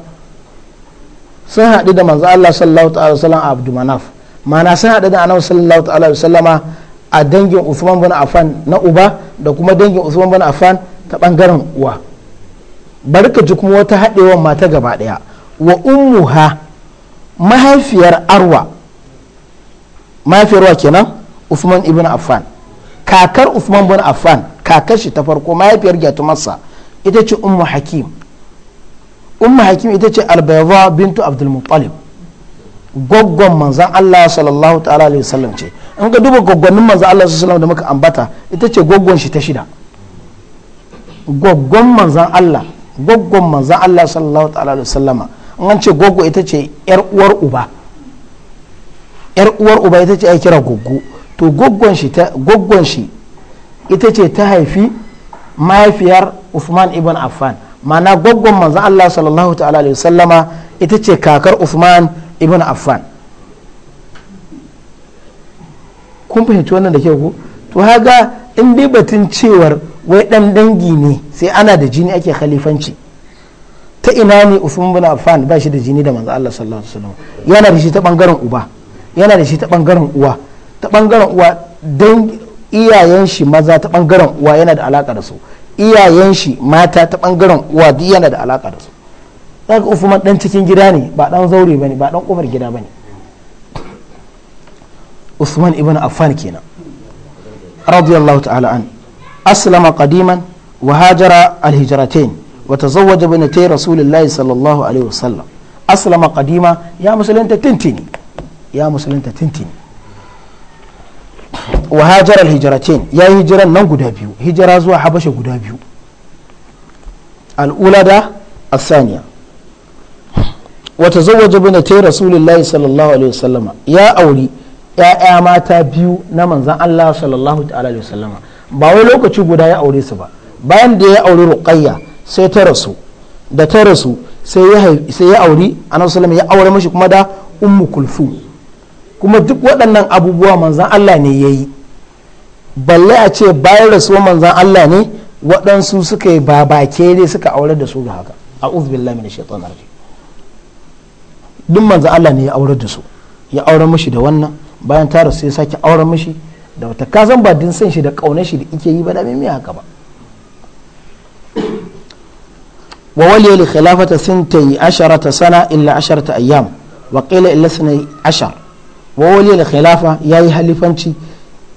sun haɗu da manzo Allah sallallahu ta'ala sallam a Manaf mana sun haɗu da annabi sallallahu alaihi wasallama a dangin Usman bin Affan na uba da kuma dangin Usman bin Affan ta bangaren uwa bari ka ji kuma wata haɗewar mata gaba ɗaya wa ummuha mahaifiyar arwa mahaifiyar wa kenan Usman ibn Affan kakar Usman bin Affan kakar shi ta farko mahaifiyar Gyatumarsa ita ce ummu Hakim ummu Hakim ita ce Albaywa bintu Abdul Muttalib Goggon manzan Allah sallallahu ta'ala alaihi wasallam ce in ka duba gwaggwannin manzan Allah sallallahu da muka ambata ita ce goggon shi ta shida goggon manzan Allah goggon manzan Allah sallallahu ta'ala alaihi wasallama in an ce gwaggo ita ce yar uwar uba yar uwar uba ita ce ai kira goggo to goggon shi ta gwaggon shi ita ce ta haifi mahaifiyar Uthman ibn Affan ma'ana goggon manzan Allah sallallahu ta'ala alaihi wasallama ita ce kakar Uthman ibn affan kun fahimci wannan da kyau ku to haga in dai batun cewar wai dan dangi ne sai ana da jini ake khalifanci ta ina ne usman ibn affan ba shi da jini da manzo Allah sallallahu alaihi wasallam yana da shi ta bangaren uba yana da shi ta bangaren uwa ta bangaren uwa dan iyayen shi maza ta bangaren uwa yana da alaka da su iyayen shi mata ta bangaren uwa duk yana da alaka da su za ka usman dan cikin gida ne ba dan zaure ba ne ba dan kofar gida ba ne usman ibn affan kenan radiyallahu ta'ala an aslama qadiman wa hajara alhijratain wa tazawwaja binatay rasulillah sallallahu alaihi wasallam aslama qadima ya musulunta tintini ya musulunta tintini wa hajara alhijratain ya yi nan guda biyu hijira zuwa habasha guda biyu al'ula al asaniya wata zawaje bin ta rasulullahi sallallahu alaihi wasallama ya auri ya'ya mata biyu na manzan Allah sallallahu alaihi wasallama ba wai lokaci guda ya aure su ba bayan da ya auri ruqayya sai ta rasu da ta rasu sai ya sai ya auri annabi ya aure mashi kuma da ummu kulfu kuma duk waɗannan abubuwa manzan Allah ne yayi balle a ce bayan rasuwar manzan Allah ne waɗansu suka yi babake ne suka aure da su da haka a'udhu billahi minash shaitanir rajim duk manzo Allah ne ya aure da su ya aure mishi da wannan bayan ta rasu ya sake aure mishi da wata kazan ba din san shi da kaunar shi da ike yi ba da mai haka ba wa waliya li khilafata sintai asharata sana illa asharata ayyam wa qila illa sanai ashar wa waliya li khilafa yayi halifanci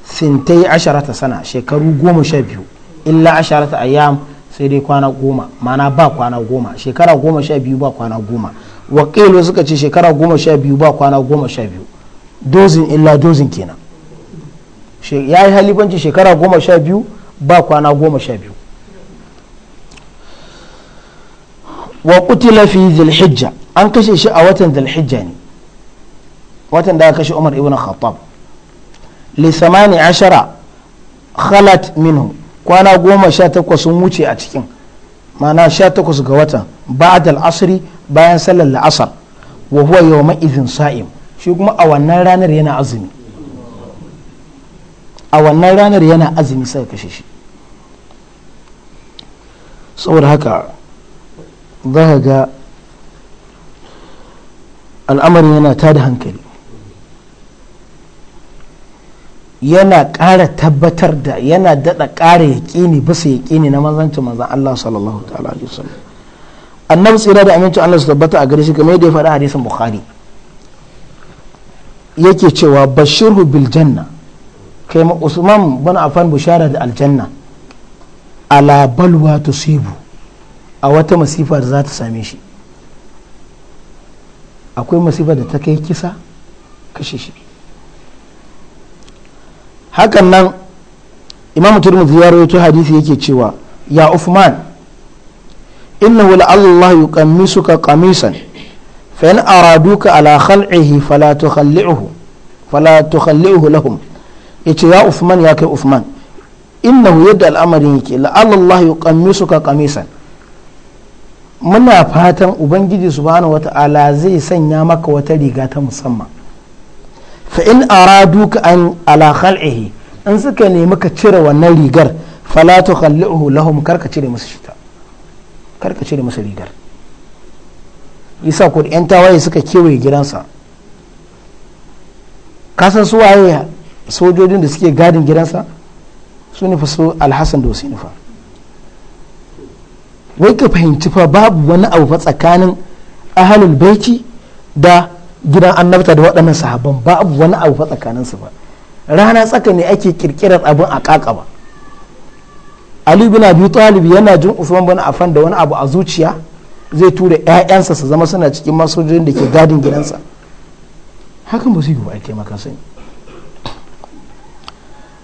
sintai asharata sana shekaru goma sha biyu illa asharata ayyam sai dai kwana goma mana ba kwana goma shekara goma sha biyu ba kwana goma wakilu suka ce shekara goma sha biyu ba kwana goma sha biyu dozin illa dozin kenan ya yi halibanci shekara goma sha biyu ba kwana goma sha biyu wa kutila fi zilhijja an kashe shi a watan zilhijja ne watan da aka kashe umar ibn khattab li ashara khalat minhu kwana goma sha takwas sun wuce a cikin mana sha takwas ga watan ba'dal asri bayan sallar la'asar wa huwa yau ma'izin sa'im shi kuma a wannan ranar yana azumi a wannan ranar yana azumi sai kashe shi saboda haka za ka ga al'amarin yana ta da hankali yana ƙara tabbatar da yana daɗa ƙara yaƙini bisa yaƙini na manzancin manzan Allah sallallahu ta'ala wasallam annabi tsira da amincin Allah su tabbata a gare shi game da ya faɗa hadisin bukhari yake cewa bashirhu bil janna kai ma usman bin affan bushara da aljanna ala balwa tusibu a wata masifa da za ta same shi akwai masifa da ta kai kisa kashe shi hakan nan imam turmudi ya rawaito hadisi yake cewa ya usman إنه لعل يقمصك قميصا فإن أرادوك على خلعه فلا تخلعه فلا تخلعه لهم yace ya Uthman ya kai Uthman innahu yadda al'amarin yake la'alla Allah ya kammisu ka kamisan muna fatan ubangiji subhanahu wata'ala zai sanya maka wata riga ta musamman fa in araduka an ala khal'ihi suka ka cire wannan rigar fala tukhallihu karka cire kar ka da masa rigar isa ko yan tawaye suka kewaye gidansa kasan su waye sojojin da suke gadin gidansa su nufa su alhassan da wasu nufa wai ka fahimci fa babu wani abu fa tsakanin ahalul baiti da gidan annabta da waɗannan sahabban babu wani abu fa tsakaninsu ba rana tsaka ne ake kirkirar abin a ba ali bin abi talib yana jin usman bin affan da wani abu a zuciya zai tura ƴaƴansa su zama suna cikin masojin da ke gadin gidansa hakan ba su yi ba maka sani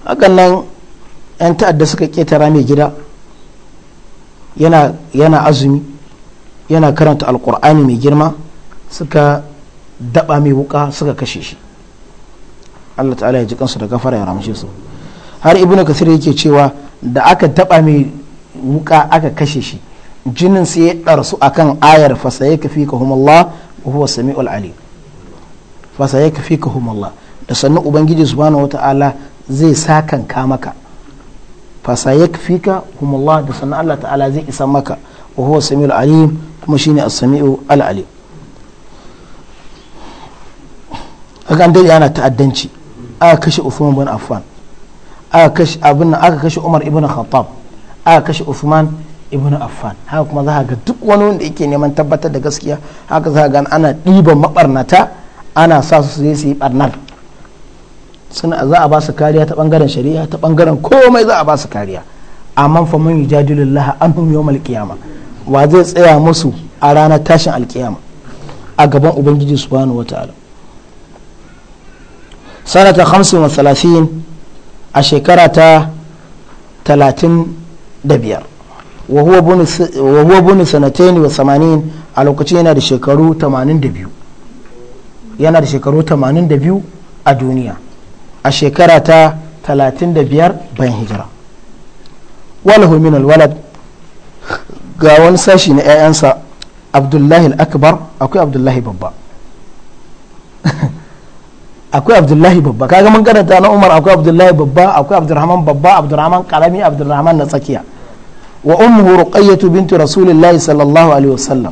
hakan nan yan ta'adda suka ƙetara mai gida yana azumi yana karanta alkur'ani mai girma suka daɓa mai wuka suka kashe shi Allah ta'ala ya ji kansu da gafara ya ramshe su har ibnu kasir yake cewa da aka taba mai wuka aka kashe shi jinin sai ya ɗarsu kan ayar fasaye ka fi kahumallah wa huwa sami alim fasaye ka fi kahumallah da sannan ubangiji subhanahu ta'ala zai sakan ka maka fasaye ka fi kahumallah da sannan Allah ta'ala zai isa maka wa huwa sami alim kuma shine ne sami al-alim haka dai ana ta'addanci aka kashe Uthman bin Affan aka kashe kashe Umar ibn Khattab aka kashe usman ibn Affan haka kuma za ga duk wani wanda yake neman tabbatar da gaskiya haka za ga ana ɗiban mabarnata ana sa su su yi barnar suna za a ba su kariya ta bangaren shari'a ta bangaren komai za a ba su kariya amma fa man yujadilullah anhum yawmal qiyama wa zai tsaya musu a ranar tashin alkiyama a gaban ubangiji subhanahu wataala sanata 35 a shekara ta 35 wa huwa bunin sanatani wa samanin a lokacin yana da shekaru 82 yana da shekaru 82 a duniya a shekara ta 35 bayan hijira wala min alwalad ga wani sashi na 'ya'yansa abdullahi akbar akwai abdullahi babba akwai abdullahi babba kaga mun karanta na umar akwai abdullahi babba akwai abdurrahman babba abdurrahman karami abdurrahman na tsakiya wa ummuhu ruqayyatu bintu rasulillahi sallallahu alaihi wasallam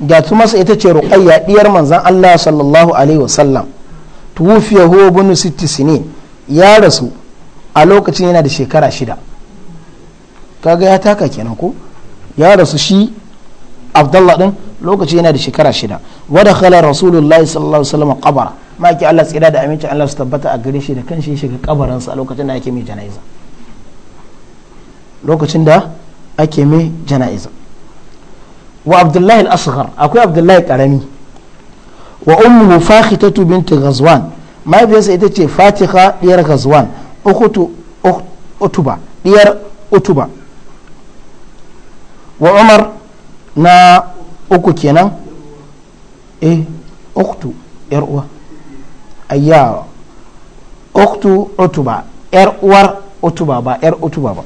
ga tumarsa ita ce ruqayya diyar manzon Allah sallallahu alaihi wasallam tuwfiya huwa bunu sitti sinin ya rasu a lokacin yana da shekara shida kaga ya taka kenan ko ya rasu shi abdullahi din lokacin yana da shekara shida wa dakhala rasulullahi sallallahu alaihi wasallam qabara maki Allah tsira da aminci Allah su tabbata a gare shi da kanshi ya shiga kabarinsa a lokacin da ake mai jana'iza lokacin da ake mai jana'iza wa abdullahi al-asghar akwai abdullahi karami wa ummu fakhitatu bint ghazwan mahaifiyarsa ita ce fatiha diyar ghazwan ukhtu utuba diyar utuba wa umar na uku kenan eh ukhtu yar uwa ayyar oktu utuba yar uwar utuba ba yar utuba ba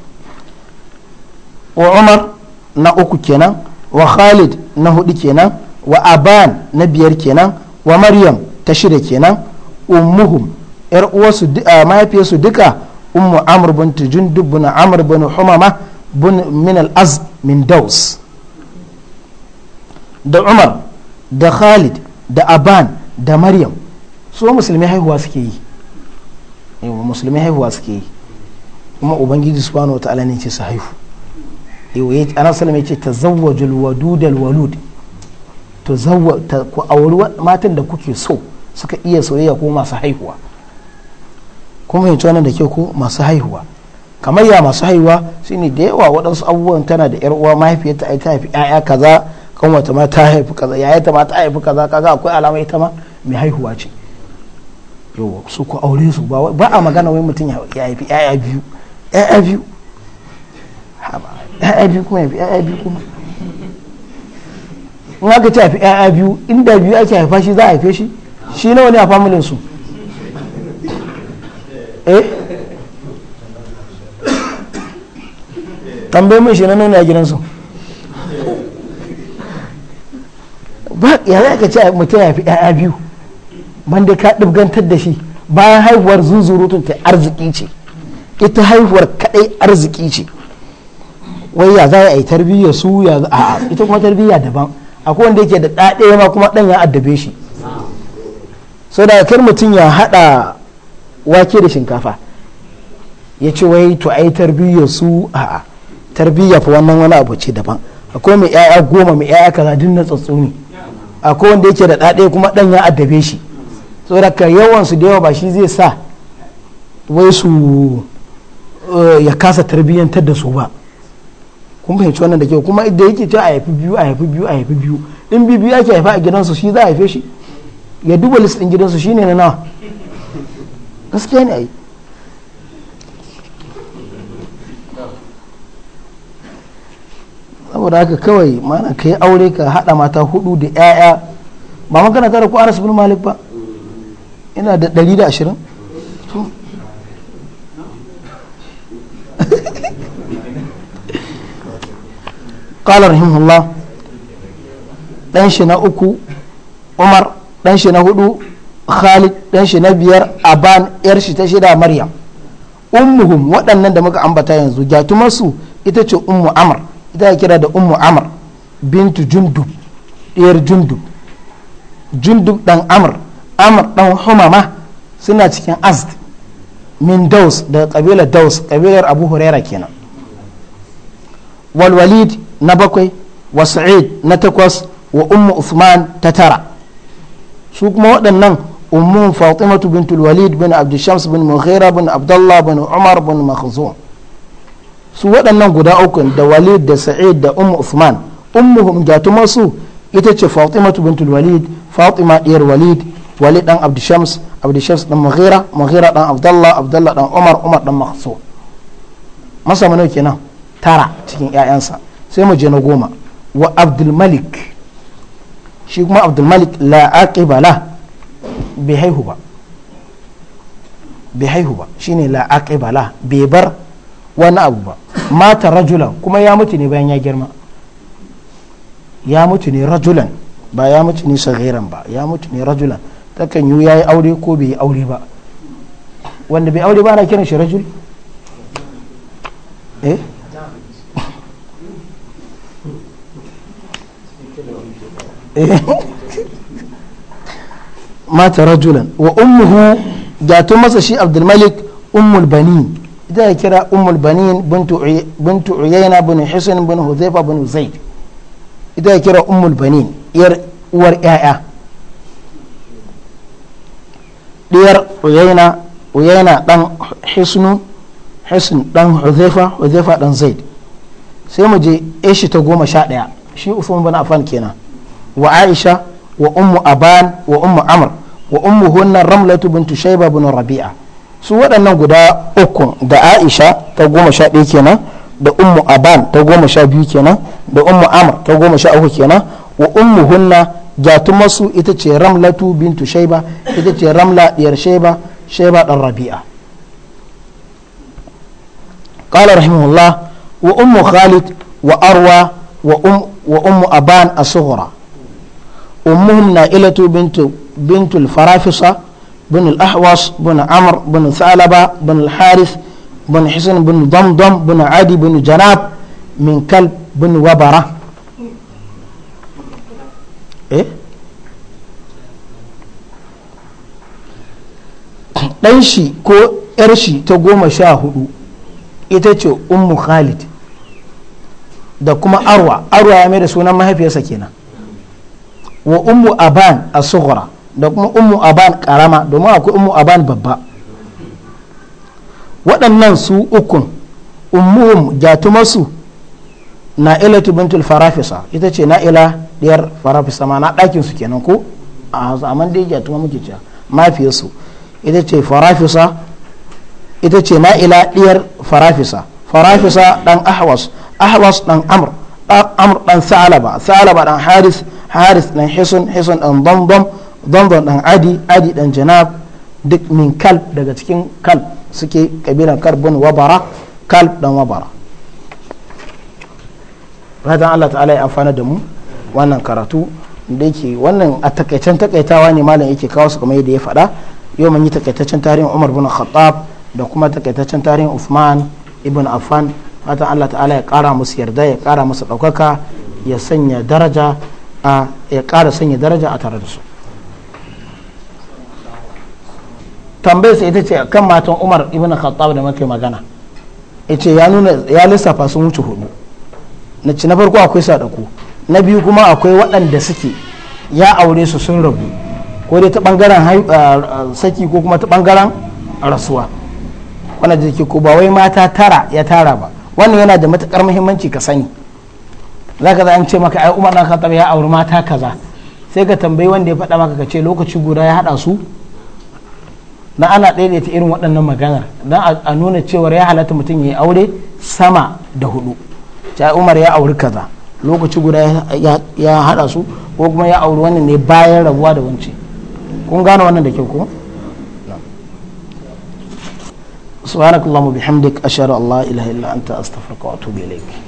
wa umar na uku kenan wa khalid na hudu kenan wa aban na biyar kenan wa maryam ta shida kenan ummuhum yar uwarsu ah, mahaifiyarsu duka ummu amr bint jundub bin amr bin humama bin min az min daus da umar da khalid da aban da maryam suwa musulmi haihuwa suke yi musulmi haihuwa suke yi kuma ubangiji subhanahu wa ta'ala ne ce su haihu ya ana salama ce ta zawwajul wadudal walud to zawwa ku auri matan da kuke so suka iya soyayya ko masu haihuwa kuma yace wannan da ke ko masu haihuwa kamar ya masu haihuwa shine da yawa waɗansu abubuwan tana da yar uwa mahaifiyarta ai ta haifi ƴaƴa kaza wata ma ta haifi kaza yaya ta ma ta haifi kaza kaga akwai alama ita ma mai haihuwa ce yawa su ku aure su ba a magana wai mutum ya haifi ya'ya biyu ya'ya biyu ya'ya biyu kuma ya ya'ya biyu kuma in aka ce haifi ya'ya biyu inda biyu ake haifa shi za a haife shi shi nawa ne a familin su eh tambayi mun shi na nuna gidansu ba ya za ka ce mutum ya fi ɗaya biyu banda ka ɗibgantar da shi bayan haihuwar zunzurutun ta arziki ce ita haihuwar kaɗai arziki ce wai ya za a yi tarbiyya su ya a ita kuma tarbiyya daban akwai wanda yake da ɗaɗe ma kuma ɗan ya addabe shi so da kar mutum ya haɗa wake da shinkafa ya ce wai to ai tarbiyya su a'a tarbiyya fa wannan wani abu ce daban akwai mai 'ya'ya goma mai 'ya'ya kaza dinna na akwai wanda yake da ɗaɗe kuma ɗan ya addabe shi tsoraka yawan su da yawa ba shi zai sa wai su eh, ya kasa tarbiyyantar da su ba kun fahimci wannan da kyau kuma da yake cewa a haifi biyu a haifi biyu a haifi biyu in biyu ake haifa a gidansu shi za a haife shi ya duba list din gidansu shine na nawa gaskiya ne ai saboda haka kawai mana ka yi aure ka hada mata hudu da 'ya'ya ba magana tare ku anas bin malik ba ina da ɗari da ashirin ƙalar himmullah ɗan shi na uku umar ɗan shi na hudu khalid ɗan shi na biyar aban yar shi ta shida maryam ummuhum waɗannan da muka ambata yanzu gatumarsu ita ce ummu amr ita kira da ummu amr bintu jundub ɗiyar jundub jundub ɗan amr amr dan humama suna cikin azd min daus daga kabilar daus kabilar abu huraira kenan walwalid na bakwai wa sa'id na takwas wa ummu usman ta tara su kuma waɗannan ummu fatimatu bintul walid bin abdushams bin mughira bin abdullah bin umar bin makhzum su waɗannan guda uku da walid da sa'id da ummu usman ummuhum jatumarsu ita ce fatimatu bintul walid fatima diyar walid wali dan abdu shams abdu shams dan mughira mughira dan abdullah abdullah dan umar umar dan mahsu masa mana kenan tara cikin ƴaƴansa sai mu je na goma wa abdul malik shi kuma abdul malik la aqiba bi bai haihu ba bai haihu ba shine la aqiba la bai bar wani abu ba mata rajulan kuma ya mutu ne bayan ya girma ya mutu ne rajulan ba ya mutu ne sagiran ba ya mutu ne rajulan takan yi ya yi aure ko bai yi aure ba wanda bai aure ba na kiran shi rajul eh, eh? mata rajulan wa ummuhu ta masa shi abdulmalik ummul banin ita ya kira ummul banin bintu uyayna bin hisan bin huzaifa bin zaid ita ya kira ummul banin uwar 'ya'ya diyar uyaina uyaina dan hisnu hisn dan huzaifa huzaifa dan zaid sai mu je ishi ta goma sha ɗaya shi usman bin affan kenan wa aisha wa ummu aban wa ummu amr wa ummu hunna ramlatu bintu shayba bin rabi'a su waɗannan guda uku da aisha ta goma sha ɗaya kenan da ummu aban ta goma sha biyu kenan da ummu amr ta goma sha uku kenan wa ummu hunna gatumarsu ita ce ramlatu bintu shaiba ita ce ramla diyar shaiba shaiba dan rabi'a قال رحمه الله وأم خالد وأروى وأم, وأم أبان الصغرى أمهم نائلة بنت بنت الفرافصة بن الأحوص بن عمرو بن ثعلبة بن الحارث بن حسن بن ضمضم بن عدي بن جناب من كلب بن وبره eh ɗan shi ko ‘yar shi ta goma sha hudu ita ce ummu khalid da kuma arwa arwa ya mai da sunan mahaifiyarsa kenan wa ummu aban a sughra da kuma ummu aban karama domin akwai ummu aban babba waɗannan su ukun ummuhum jatumarsu na ila bintul farafisa ita ce na ila diyar farafi sama na ɗakin su kenan ko a hausa amma dai ya tuma muke cewa mafiyarsu ita ce farafisa ita ce ma'ila diyar farafisa farafisa dan ahwas ahwas dan amr amr dan salaba salaba dan haris haris dan hisun hisun dan damdam damdam dan adi adi dan janab duk min kalb daga cikin kalb suke kabilan karbin wabara kalb dan wabara fatan Allah ta'ala ya amfana da mu wannan karatu da yake wannan a takaicen takaitawa ne malam yake kawo su kamar yadda ya faɗa yau mun yi takaitaccen tarihin Umar bin Khattab da kuma takaitaccen tarihin Uthman ibn Affan fatan Allah ta'ala ya kara musu yarda ya kara musu ɗaukaka ya sanya daraja a ya kara sanya daraja a tare da su tambayarsa ita ce kan matan Umar ibn Khattab da muke magana ita ya nuna ya lissafa sun wuce hudu na ci na farko akwai sadaku na biyu kuma akwai waɗanda suke ya aure su sun rabu ko dai ta ɓangaren saki ko kuma ta ɓangaren rasuwa wanda da ke ko ba wai mata tara ya tara ba wannan yana da matukar muhimmanci ka sani za ka an ce maka ai umar na khattab ya auri mata kaza sai ka tambayi wanda ya faɗa maka ka ce lokaci guda ya haɗa su na ana daidaita irin waɗannan maganar don a nuna cewar ya halatta mutum ya aure sama da hudu ta umar ya auri kaza lokaci guda ya haɗa su ko kuma ya auri wannan ne bayan rabuwa da wance kun gane wannan da kyau ko subhanakallahu bihamdik asharu allah ilaha illa anta astaghfiruka wa atubu ilayk